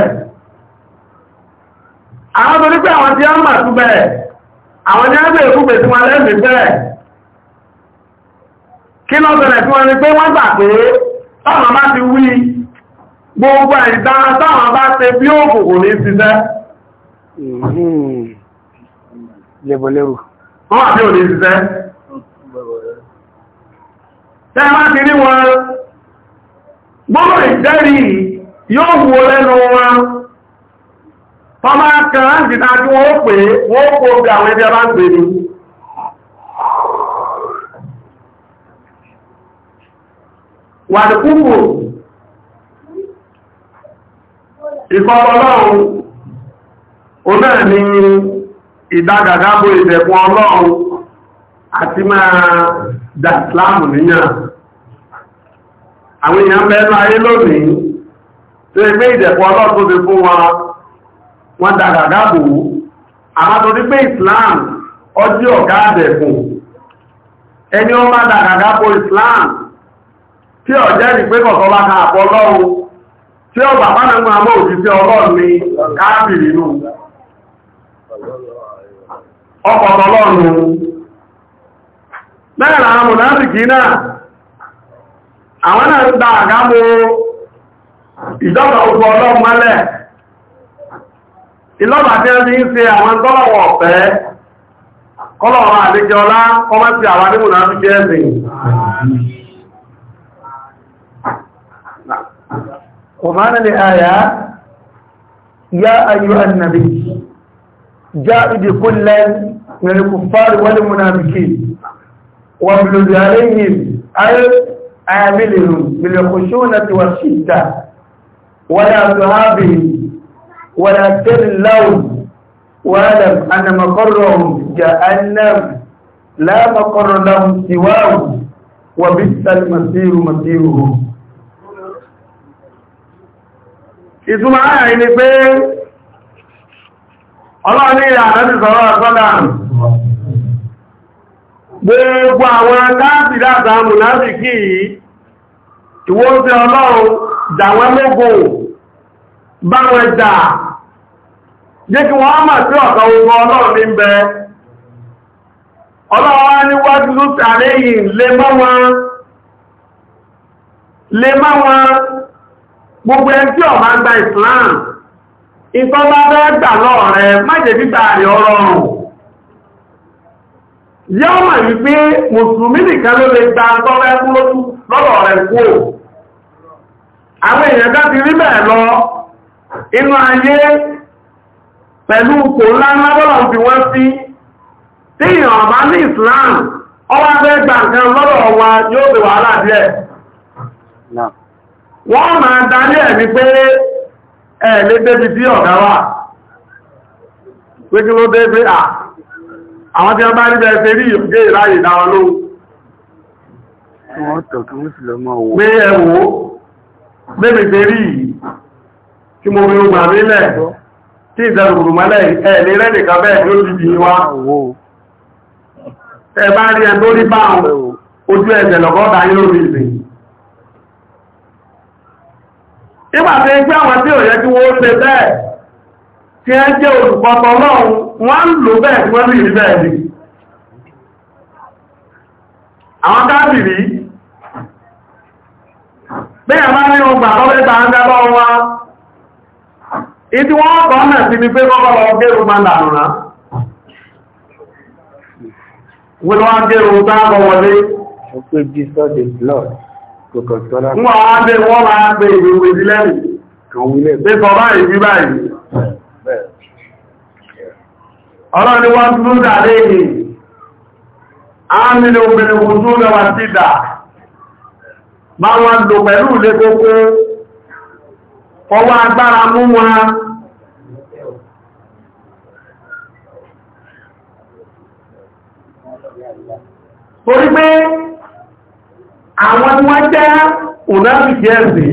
A: àwọn tó ní pé àwọn tí ọmà túbẹ̀ àwọn ẹgbẹ̀ tí wọ́n kí lọ bẹ̀rẹ̀ tí wọ́n ni pé wọ́n gbà pé bá ti wí gbogbo ìdára táwọn bá ti bí òkùnkùn ní ṣiṣẹ́
B: Hmm. lẹ́bọ̀lẹ́rù.
A: Wọ́n wà bí ò ní ṣiṣẹ́. Tẹ́ máa ti rí wọn, gbọ́nà ìjẹ́rì yóò lẹ́nu wọn. kí wọ́n pè wọ́n kó bí àwọn ẹbí ń ó náà ni ìdágàgábò ìdẹ̀kùn ọlọ́run àti máa dà ìsìláàmù níyàn àwọn èèyàn mẹ́rin ayé lónìí tó ẹgbẹ́ ìdẹ̀kùn ọlọ́run tó fi fún wa wọ́n dágàgábò àmá tó ní pé islam ọjí ọ̀gá àdẹ̀kùn ẹni ọmọ islam tí ọ̀jẹ́ ní pé kọ̀kọ́ bá àpọ̀ ọlọ́run tí ọ bàbá náà mú àmọ́ òjì sí ọlọ́run ni nù ọkọ̀ tọ́lọ́rùn bẹ́ẹ̀ làwọn mùnáfìkì náà àwọn náà gba àgábò ìjọba ogun ọlọ́run mọ́lẹ̀ ìlọ́bà tí wọ́n ti ń ṣe àwọn tọ́lọ̀wọ̀ ọ̀fẹ́ kọ́lọ̀wọ̀ àdíjọ ọlá kọ́mọ́ sí àwọn ní mùnáfìkì ẹ̀sìn ومعنى الآية جاء بكلا من الكفار والمنافقين وابلد عليهم أي عاملهم بالخشونة والشدة ولا تهابهم ولا تر لهم واعلم أن مقرهم جهنم لا مقر لهم سواه وبئس المصير مصيرهم. إذ ààrẹ ni ọlọ́run ní sọ̀rọ̀ ọ̀sọ́dànù gbogbo àwọn káàkiri àtàmù láti kí ìwó tí ọlọ́run dàwọn lógo bá wọn jà jẹ́ kí wọ́n mọ̀ sí ọ̀kan ogun ọlọ́run ní bẹ ọlọ́run níwájú lótàrí yìí lè mọ́ wọn lè mọ́ wọn gbogbo ẹni ìtọ́ bá bẹ́ gbà lọ́ọ̀ rẹ májẹ̀ títà rẹ̀ ọrọ̀rùn yọ́ mọ̀ wípé mùsùlùmí nìkan ló lè gba tọ́rẹ́ kú lọ́dọ̀ rẹ̀ kú ò àwọn èèyàn ká ti rí bẹ́ẹ̀ lọ inú ayé pẹ̀lú kò ńláńlá bọ́lọ̀ fi wọ́n sí tí ìyàn bá ní Islam ọwá fẹ́ gbà nǹkan lọ́dọ̀ wa yóò bè wàhálà díẹ̀ wọ́n máa e lé débi tí ọ̀gá wà pé kí ló dé pé à àwọn tí wọ́n bá níbẹ̀ ṣe rí ìyókè láyé dáwọn lóhun
B: wọ́n tọ̀ kí wọ́n sì lọ
A: pé ṣe rí yìí mo rí gbà nílẹ̀ tí ìdẹ̀rùgbùrù mọ́lẹ̀ nígbà tó ń pẹ́ àwọn tí ò yẹ kí wọ́n ṣe bẹ́ẹ̀ tí ẹ jẹ́ olùpọ̀tọ̀ lọ́run wọ́n ń lò bẹ́ẹ̀ tí wọ́n lè bẹ́ẹ̀ ni àwọn káàbìrí bẹ́ẹ̀ máa ní ọgbà ọlọ́bẹ̀ ń dábọ́ wa ìdí wọ́n kọ́ náà sí ni pé kọ́kọ́ lọ
B: gẹ́rù Nwa á bẹ́ wọ́n
A: máa pẹ ìwé bí dà A obìnrin kò tún lọ wà sí dà. Ma wọn lò pẹ̀lú ilé kókó. Ọwọ́ agbára àwọn tí wọ́n jẹ́ ònáàbìkì ẹ̀sì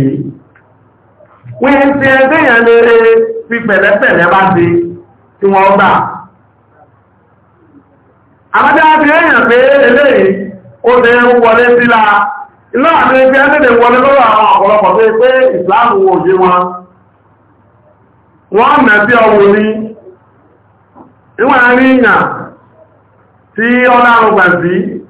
A: wọ́n yẹn ti ẹgbẹ́ yẹn lè fi pẹ̀lẹ́pẹ̀lẹ́ bá ti tí wọ́n gbà àmọ́dá ti èèyàn pé eléyìí ó ti ń wọlé sílá láàrin ìwọ̀n àárín ìyàn tí ọlárùn-ún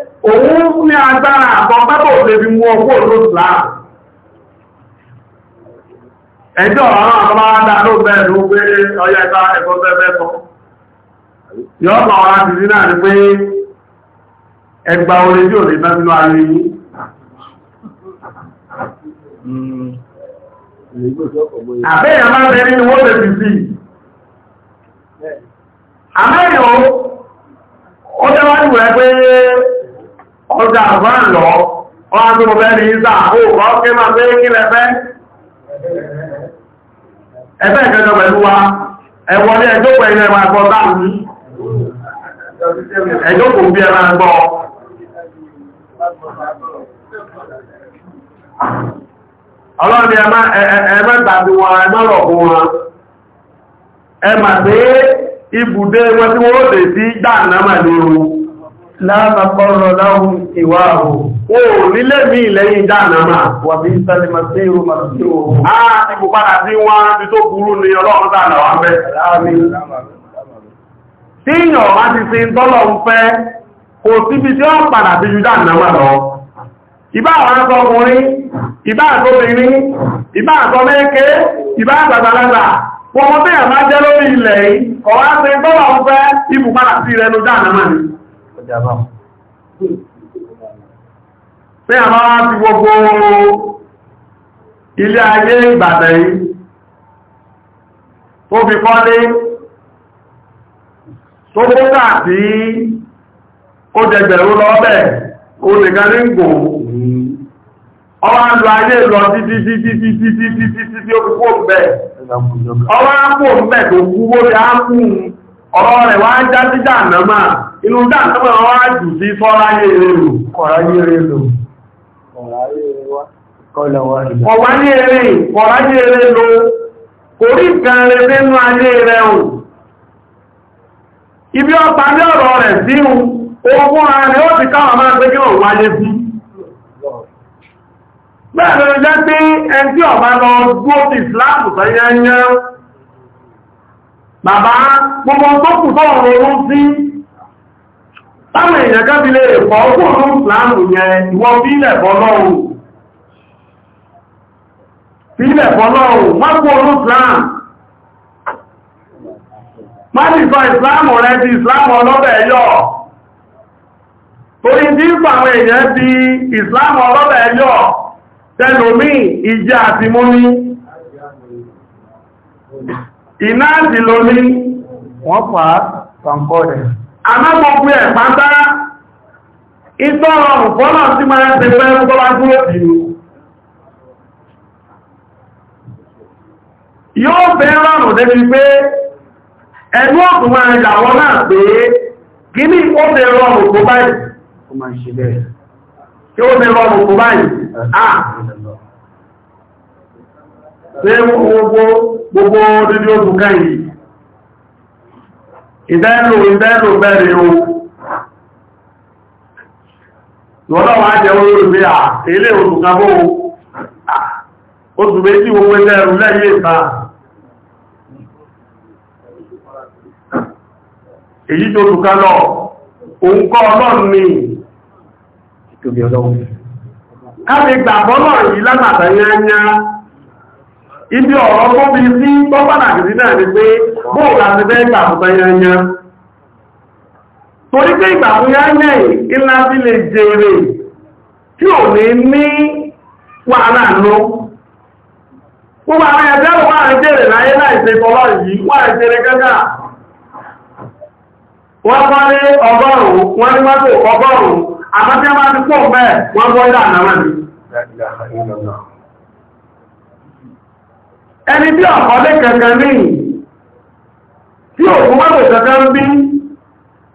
A: òun ní agbára àbọn bábọ̀ lèbi mú ọgbọ́ olóòsìlá
B: ẹjọ́ ọ̀rọ̀ àbọ́bá ló
A: bẹ́ẹ̀ ló pé ọya ẹ̀bá ẹ̀kọ́ bẹ́ẹ̀ tọ́ yọ́ ọ̀pọ̀ ọ̀rọ̀ àti sí náà ni pé ẹgbà orin ò lè bẹ́ẹ̀ nínú ayé yìí àbẹ́yàn máa ọjà àgbà lọ wọ́n ní ìzà òkọ́ kí máa pé kí lẹ́fẹ́ ẹgbẹ́ ìkẹjọ pẹ̀lú wa ẹwọ ní ẹjọ́ pẹ̀lú ẹwà ẹgbọ́ dáàmì ẹjọ́ kò bí ẹwà ọlọ́ni tàbí wọn ẹ pé tí wọ́n lè sí dáàmì náà láàmà kọ́rọ̀ láhùn ìwà ahù. Ó nílẹ̀ mí lẹ́yìn dáànà máa wà bí sálẹ̀mà sí ìrù màá sí òhù. A ti kò padà sí wọ́n ti tó burú ní ọlọ́run dáànà wà bẹ́. Tí yàn má ti fi tọ́lọ̀ ń fẹ́, kò síbi tí ó padà sí ju dáànà máa lọ. Ìbá àwọn ọkùnrin, ìbá àtọ́bìnrin, ìbá àtọ́mẹ́kẹ́, ìbá àgbàgbàlagbà, gbogbo tí yàn má jẹ́ lórí ilẹ̀ yìí, kọ̀ wá sí tọ́lọ̀ ń fẹ́, ibù padà ọjà a Pé ti gbogbo ilé ayé ìbàdàn yìí, ó fi kọ́lé, tó kó káàkì ó jẹgbẹ̀rún lọ́bẹ̀, ó ní gbò. Ọwá ń lo ayé lọ títí títí títí títí títí tí ó fi kó bẹ̀. Ọwá ń kó bẹ̀ tó kú ó á kú ọ̀rọ̀ inú dáàtọ́gbẹ̀ wọn wá jù sí fọ́ráyé rèrò kọ̀ráyé rèrò kọ̀wáyé rèrè kọ̀ráyé rèrò kò rí nǹkan rẹ̀ nínú ayé rẹ̀ o ibi ọpa ní ọ̀rọ̀ rẹ̀ sí ogun ara rẹ̀ ó ti káwà máa pé kí wọ́n wáyé sí bẹ́ẹ̀ lọ jẹ́ pé ẹn tí ọ̀bá lọ gbó ti ìsìláàmù sẹ́yẹ́ yẹ́ bàbá gbogbo tó kù táwọn èèyàn kábi lè pọ̀ ọkùn ọdún ìsìláàmù yẹn ìwọ̀n fílẹ̀ bọ́lọ́rùn fílẹ̀ bọ́lọ́rùn mọ́kùn ọdún ìsìláàmù mọ́lìfà ìsìláàmù rẹ̀ ti ìsìláàmù ọlọ́bẹ̀ yọ torí tí ń pàwọn èèyàn ti ìsìláàmù ọlọ́bẹ̀ yọ tẹlòmí ìjẹ àmọ́gbogbo ẹ̀ pátá ìtọ́rọ̀ fọ́nà tí máa ń tẹgbẹ́ ẹgbọ́lá dúró dìí yóò fẹ́ rọrùn débi pé ẹ̀lú ọ̀tún máa ń yàwó náà pé kí ní ó fẹ́ rọrùn kó báyìí kí ó ah ṣe gbogbo gbogbo dídí ó tún káyìí ìdẹ́lù ìdẹ́lù bẹ́rẹ̀ o ìwọ́nà wà jẹ́ olóòrùn pé à ilé olùkàbó oṣù méjì owó ẹlẹ́rù lẹ́yìn ìta èyí tó dùkà lọ òun kọ́ ọlọ́run ni káàkiri gbàgbọ́ náà yìí lábàtà yányá ibi ọ̀rọ̀ tó bí sí tọ́pàdà gidi náà ni pé bóòlà ti fẹ́ gbà fún tanyanya torí pé ìgbà fún yányà ìlà sí lè jèrè tí ò ní ní wàhálà lọ gbogbo àwọn ẹgbẹ́ wà ń jèrè láyé láìsẹ̀ tọ́lá yìí wà ń jèrè gẹ́gà wọ́n ní ọgọ́rùn-ún wọ́n ẹni tí ọ̀kọ́lé kankan ní
B: tí òkú mọ́tò
A: kankan bí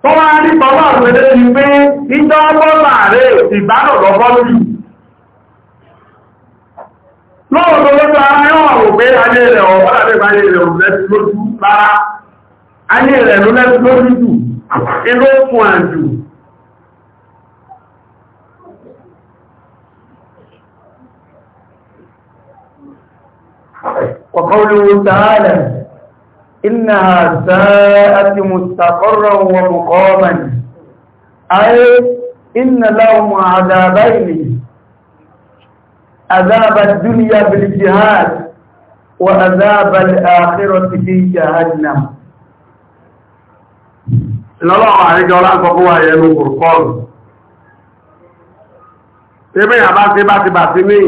A: tó wá ní bọ́lá ọ̀pẹ̀lẹ́ ti pé ìjọ bọ́lá rẹ̀ ìbálòpọ̀ bọ́lú lóòtò lójú ara yóò wà wò pé ayé rẹ̀ ọ̀pọ̀lá rẹ̀ ayé rẹ̀ lẹ́sí lójú rárá ayé rẹ̀ ló lẹ́sí lójú jù وقوله تعالى إنها ساءت مستقرا ومقاما أي إن لهم عذابين عذاب الدنيا بالجهاد وعذاب الآخرة في جهنم lọ́lọ́wọ́ àríjọ láàkọ́kọ́ wà ẹnu kòrùkọ́rù tí bí i àbá ti bá ti bà sí ní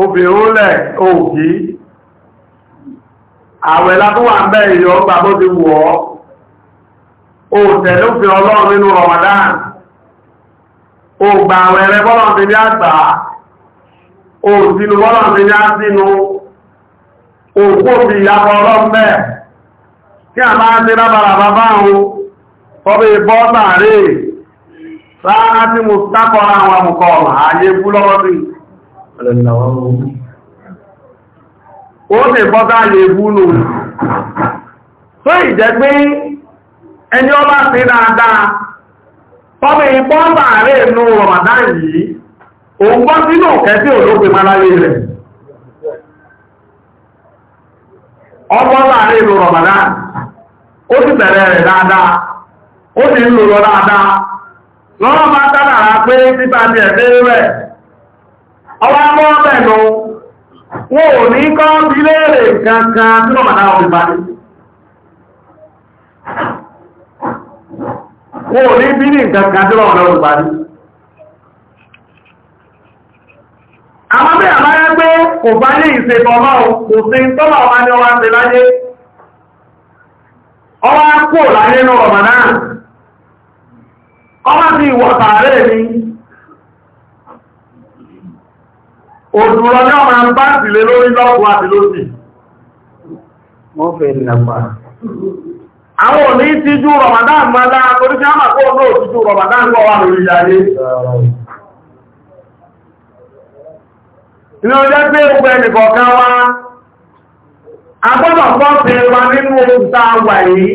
A: òfin ó lẹ̀ òkìí àwẹ̀ látúwà ń bẹ́ ìyọ́ gbà bó ti wọ̀ o tẹ̀lú fi ọlọ́run nínú Ramadan o gbà àwẹ̀ rẹ bọ́lọ̀ ti ní àgbà o sínú bọ́lọ̀ ti ní àsínú o kó fi ìyàpọ̀ ọlọ́run bẹ́ẹ̀ kí a máa ń ti lábàrà bàbá òun ọbẹ̀ bọ́ tààrí sáà tí mo sákọ̀ọ́ àwọn àmùkọ̀ ààyè bú lọ́wọ́ sí ọ̀lẹ́lẹ́wọ́ ó lè bọ́dá lè wúlò tó ìjẹ́ pé ẹni ọba sí dáadáa tọ́bí bọ́ọ̀bà rẹ̀ nù Ramadan yìí òun gbọ́ sínú kẹsí olóògbé máláyé rẹ̀ ọgbọ́ọ̀bà rẹ̀ nù Ramadan ó sì bẹ̀rẹ̀ rẹ̀ dáadáa ó sì ń lò lọ dáadáa pé ní wọn ò ní kọ́ bí léèrè kankan tí wọ́n máa wọ́n bá ní wọn ò bí ní kankan tí wọ́n wọ́n bá ní àwọn bí àmáyé pé kò bá ní ìsẹ̀kọ̀ kò sí tọ́lọ̀ wá ní ọwá ṣe láyé ọwá kò láyé náà ọmọ náà ọmọ ni òdùrọ̀ ní ọmọ àgbáàtì lé lórí lọ́pùn àti lóṣì
B: wọ́n fẹ́ nàpá
A: àwọn òní ti jú Ramadan mọ́lá torí sí àmàkó náà ti jú Ramadan lọ lórí ayé ní ọjọ́ pé ogun ẹnìkọ̀ọ̀kan wá agbọ́dọ̀ kọ́ wa nínú wà yìí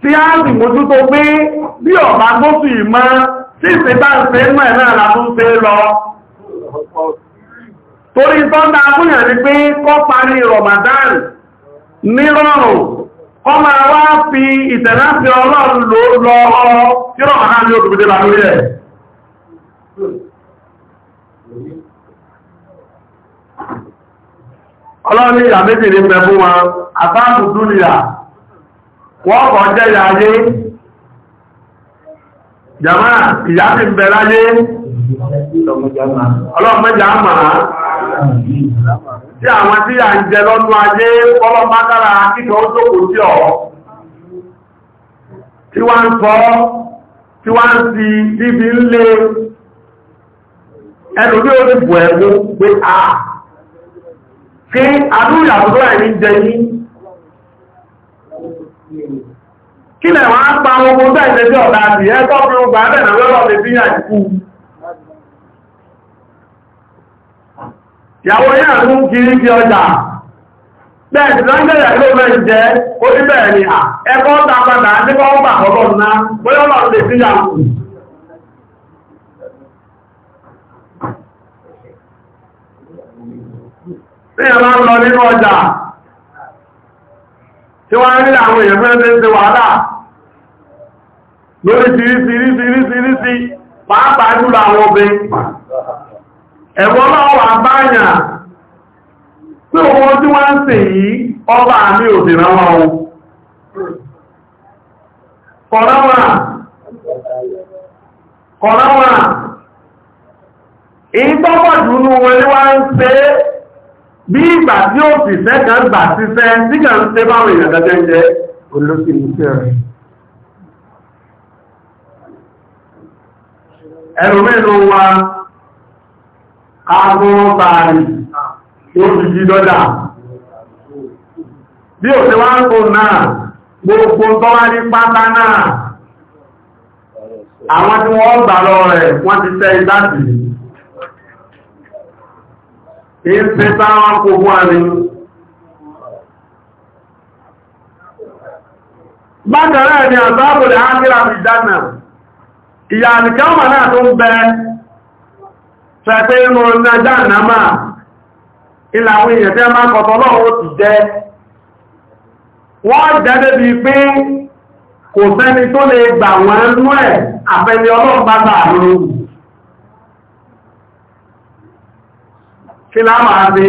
A: tí a sì mójútó pé bí ọ̀bá gbóṣù ìmọ́ sí náà látún torí tọ́ndà fúnyà ní pé kọ́ parí Ramadan ní rọrùn kọ́ máa wá fi ìtẹ̀láfẹ́ ọlọ́run lọ ọrọ̀ tí Ramadan ní obibi bá lórí ẹ̀ ọlọ́run ìyà méjì ní pẹ̀ ma wọn dúnìyà wọ́n kọ̀ jẹ́ ìyà ayé jàmáà ìyà
B: ọlọ́mọdé àmà
A: tí àwọn tí à ń jẹ lọ́nu ayé ọlọ́mọdára kíkọ́ ó tókò tí ọ̀ tí wá ń sọ tí wá ń sí bíbí ń lé ẹnu ní orí bù ẹ̀wọ́ pé a kí àdúrà tó rẹ̀ ní jẹ yí kí lẹ̀ wọ́n á pa ọmọ ọgbẹ́ ìlẹ́jọ́ ìyàwó náà ń kiri bí ọjà bẹ́ẹ̀dì lọ́gbẹ̀rẹ̀ ló mẹ́ jẹ́ oníbẹ̀rẹ̀ ni à ẹkọ́ ta nípa ọgbà ọlọ́run lè fi ní lọ nínú ọjà tí wọ́n rí àwọn èèyàn fẹ́ fẹ́ wàhálà lórí tìrísìírísìírísìí pàápàá jùlọ àwọn obìnrin ẹ̀wọ́n náà wà báyà tí owó tí wá ń sìn yìí ọba àmì òdìrán wọn o kọ̀rọ̀wà kọ̀rọ̀wà ìgbọ́gbọ̀dù ní wọn ni wọ́n ń ṣe bí ìgbà tí ó sì sẹ́kàn gbà tí kàn ń káàkó bàárì tó fi jí dọ́là. Bí ò ti wá kò náà, gbogbo tó wá ní pátá náà, àwọn tí wọ́n gbà lọ rẹ̀ wọ́n ti tẹ́ ìdájì. Ìṣẹ́ táwọn kò mú àrin. Bákan ni àbábòlẹ̀ á nílà ìjánà. Ìyà nìkan wà náà tó ń bẹ́ẹ̀ pẹ̀pẹ́ inú ọ̀nàjá ànámà ìlàwọ̀ èèyàn tí a máa kọ̀tọ̀ lọ́wọ́ ti jẹ́ wọ́n jẹ́ débi pé kò sẹ́ni tó lè gbà wọ́n nú ẹ̀ àfẹ́ni ọlọ́pàá lóòrùn kí láwàá bí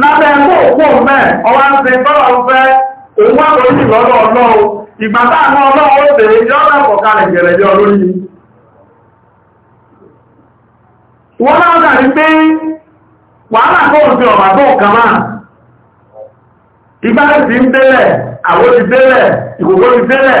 A: lábẹ́ ẹgbẹ́ òkú mẹ́ ọwá ń ṣe tọ́lọ̀ ń fẹ́ òun wá lórí lọ́dọ̀ ọlọ́run ìgbà táàmù ọlọ́run ó bèèrè yọ́ lẹ́pọ̀ kalẹ̀ gẹ̀rẹ̀ yọ lórí wọ́n náà dàrí pé wàhálà tó ń fi ọ̀rọ̀ àbọ̀ kan náà ti ń délẹ̀ àwọ́ ti délẹ̀ ìkòkò ti délẹ̀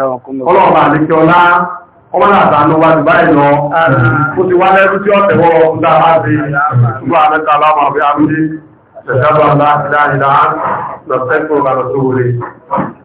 A: ọlọ́ọ̀bà àdíkẹ́ ọlá ọmọdé àtàánú wá dùbáyìí lọ ó ti wá lẹ́rú tí ọ̀tẹ̀wọ́ ọ̀dá láti ṣùgbọ́n àmẹ́ta aláwọ̀ àbí àrúdí ṣẹ̀ṣẹ́bọ̀ láti dáadáa lọ sẹ́kọ̀ọ́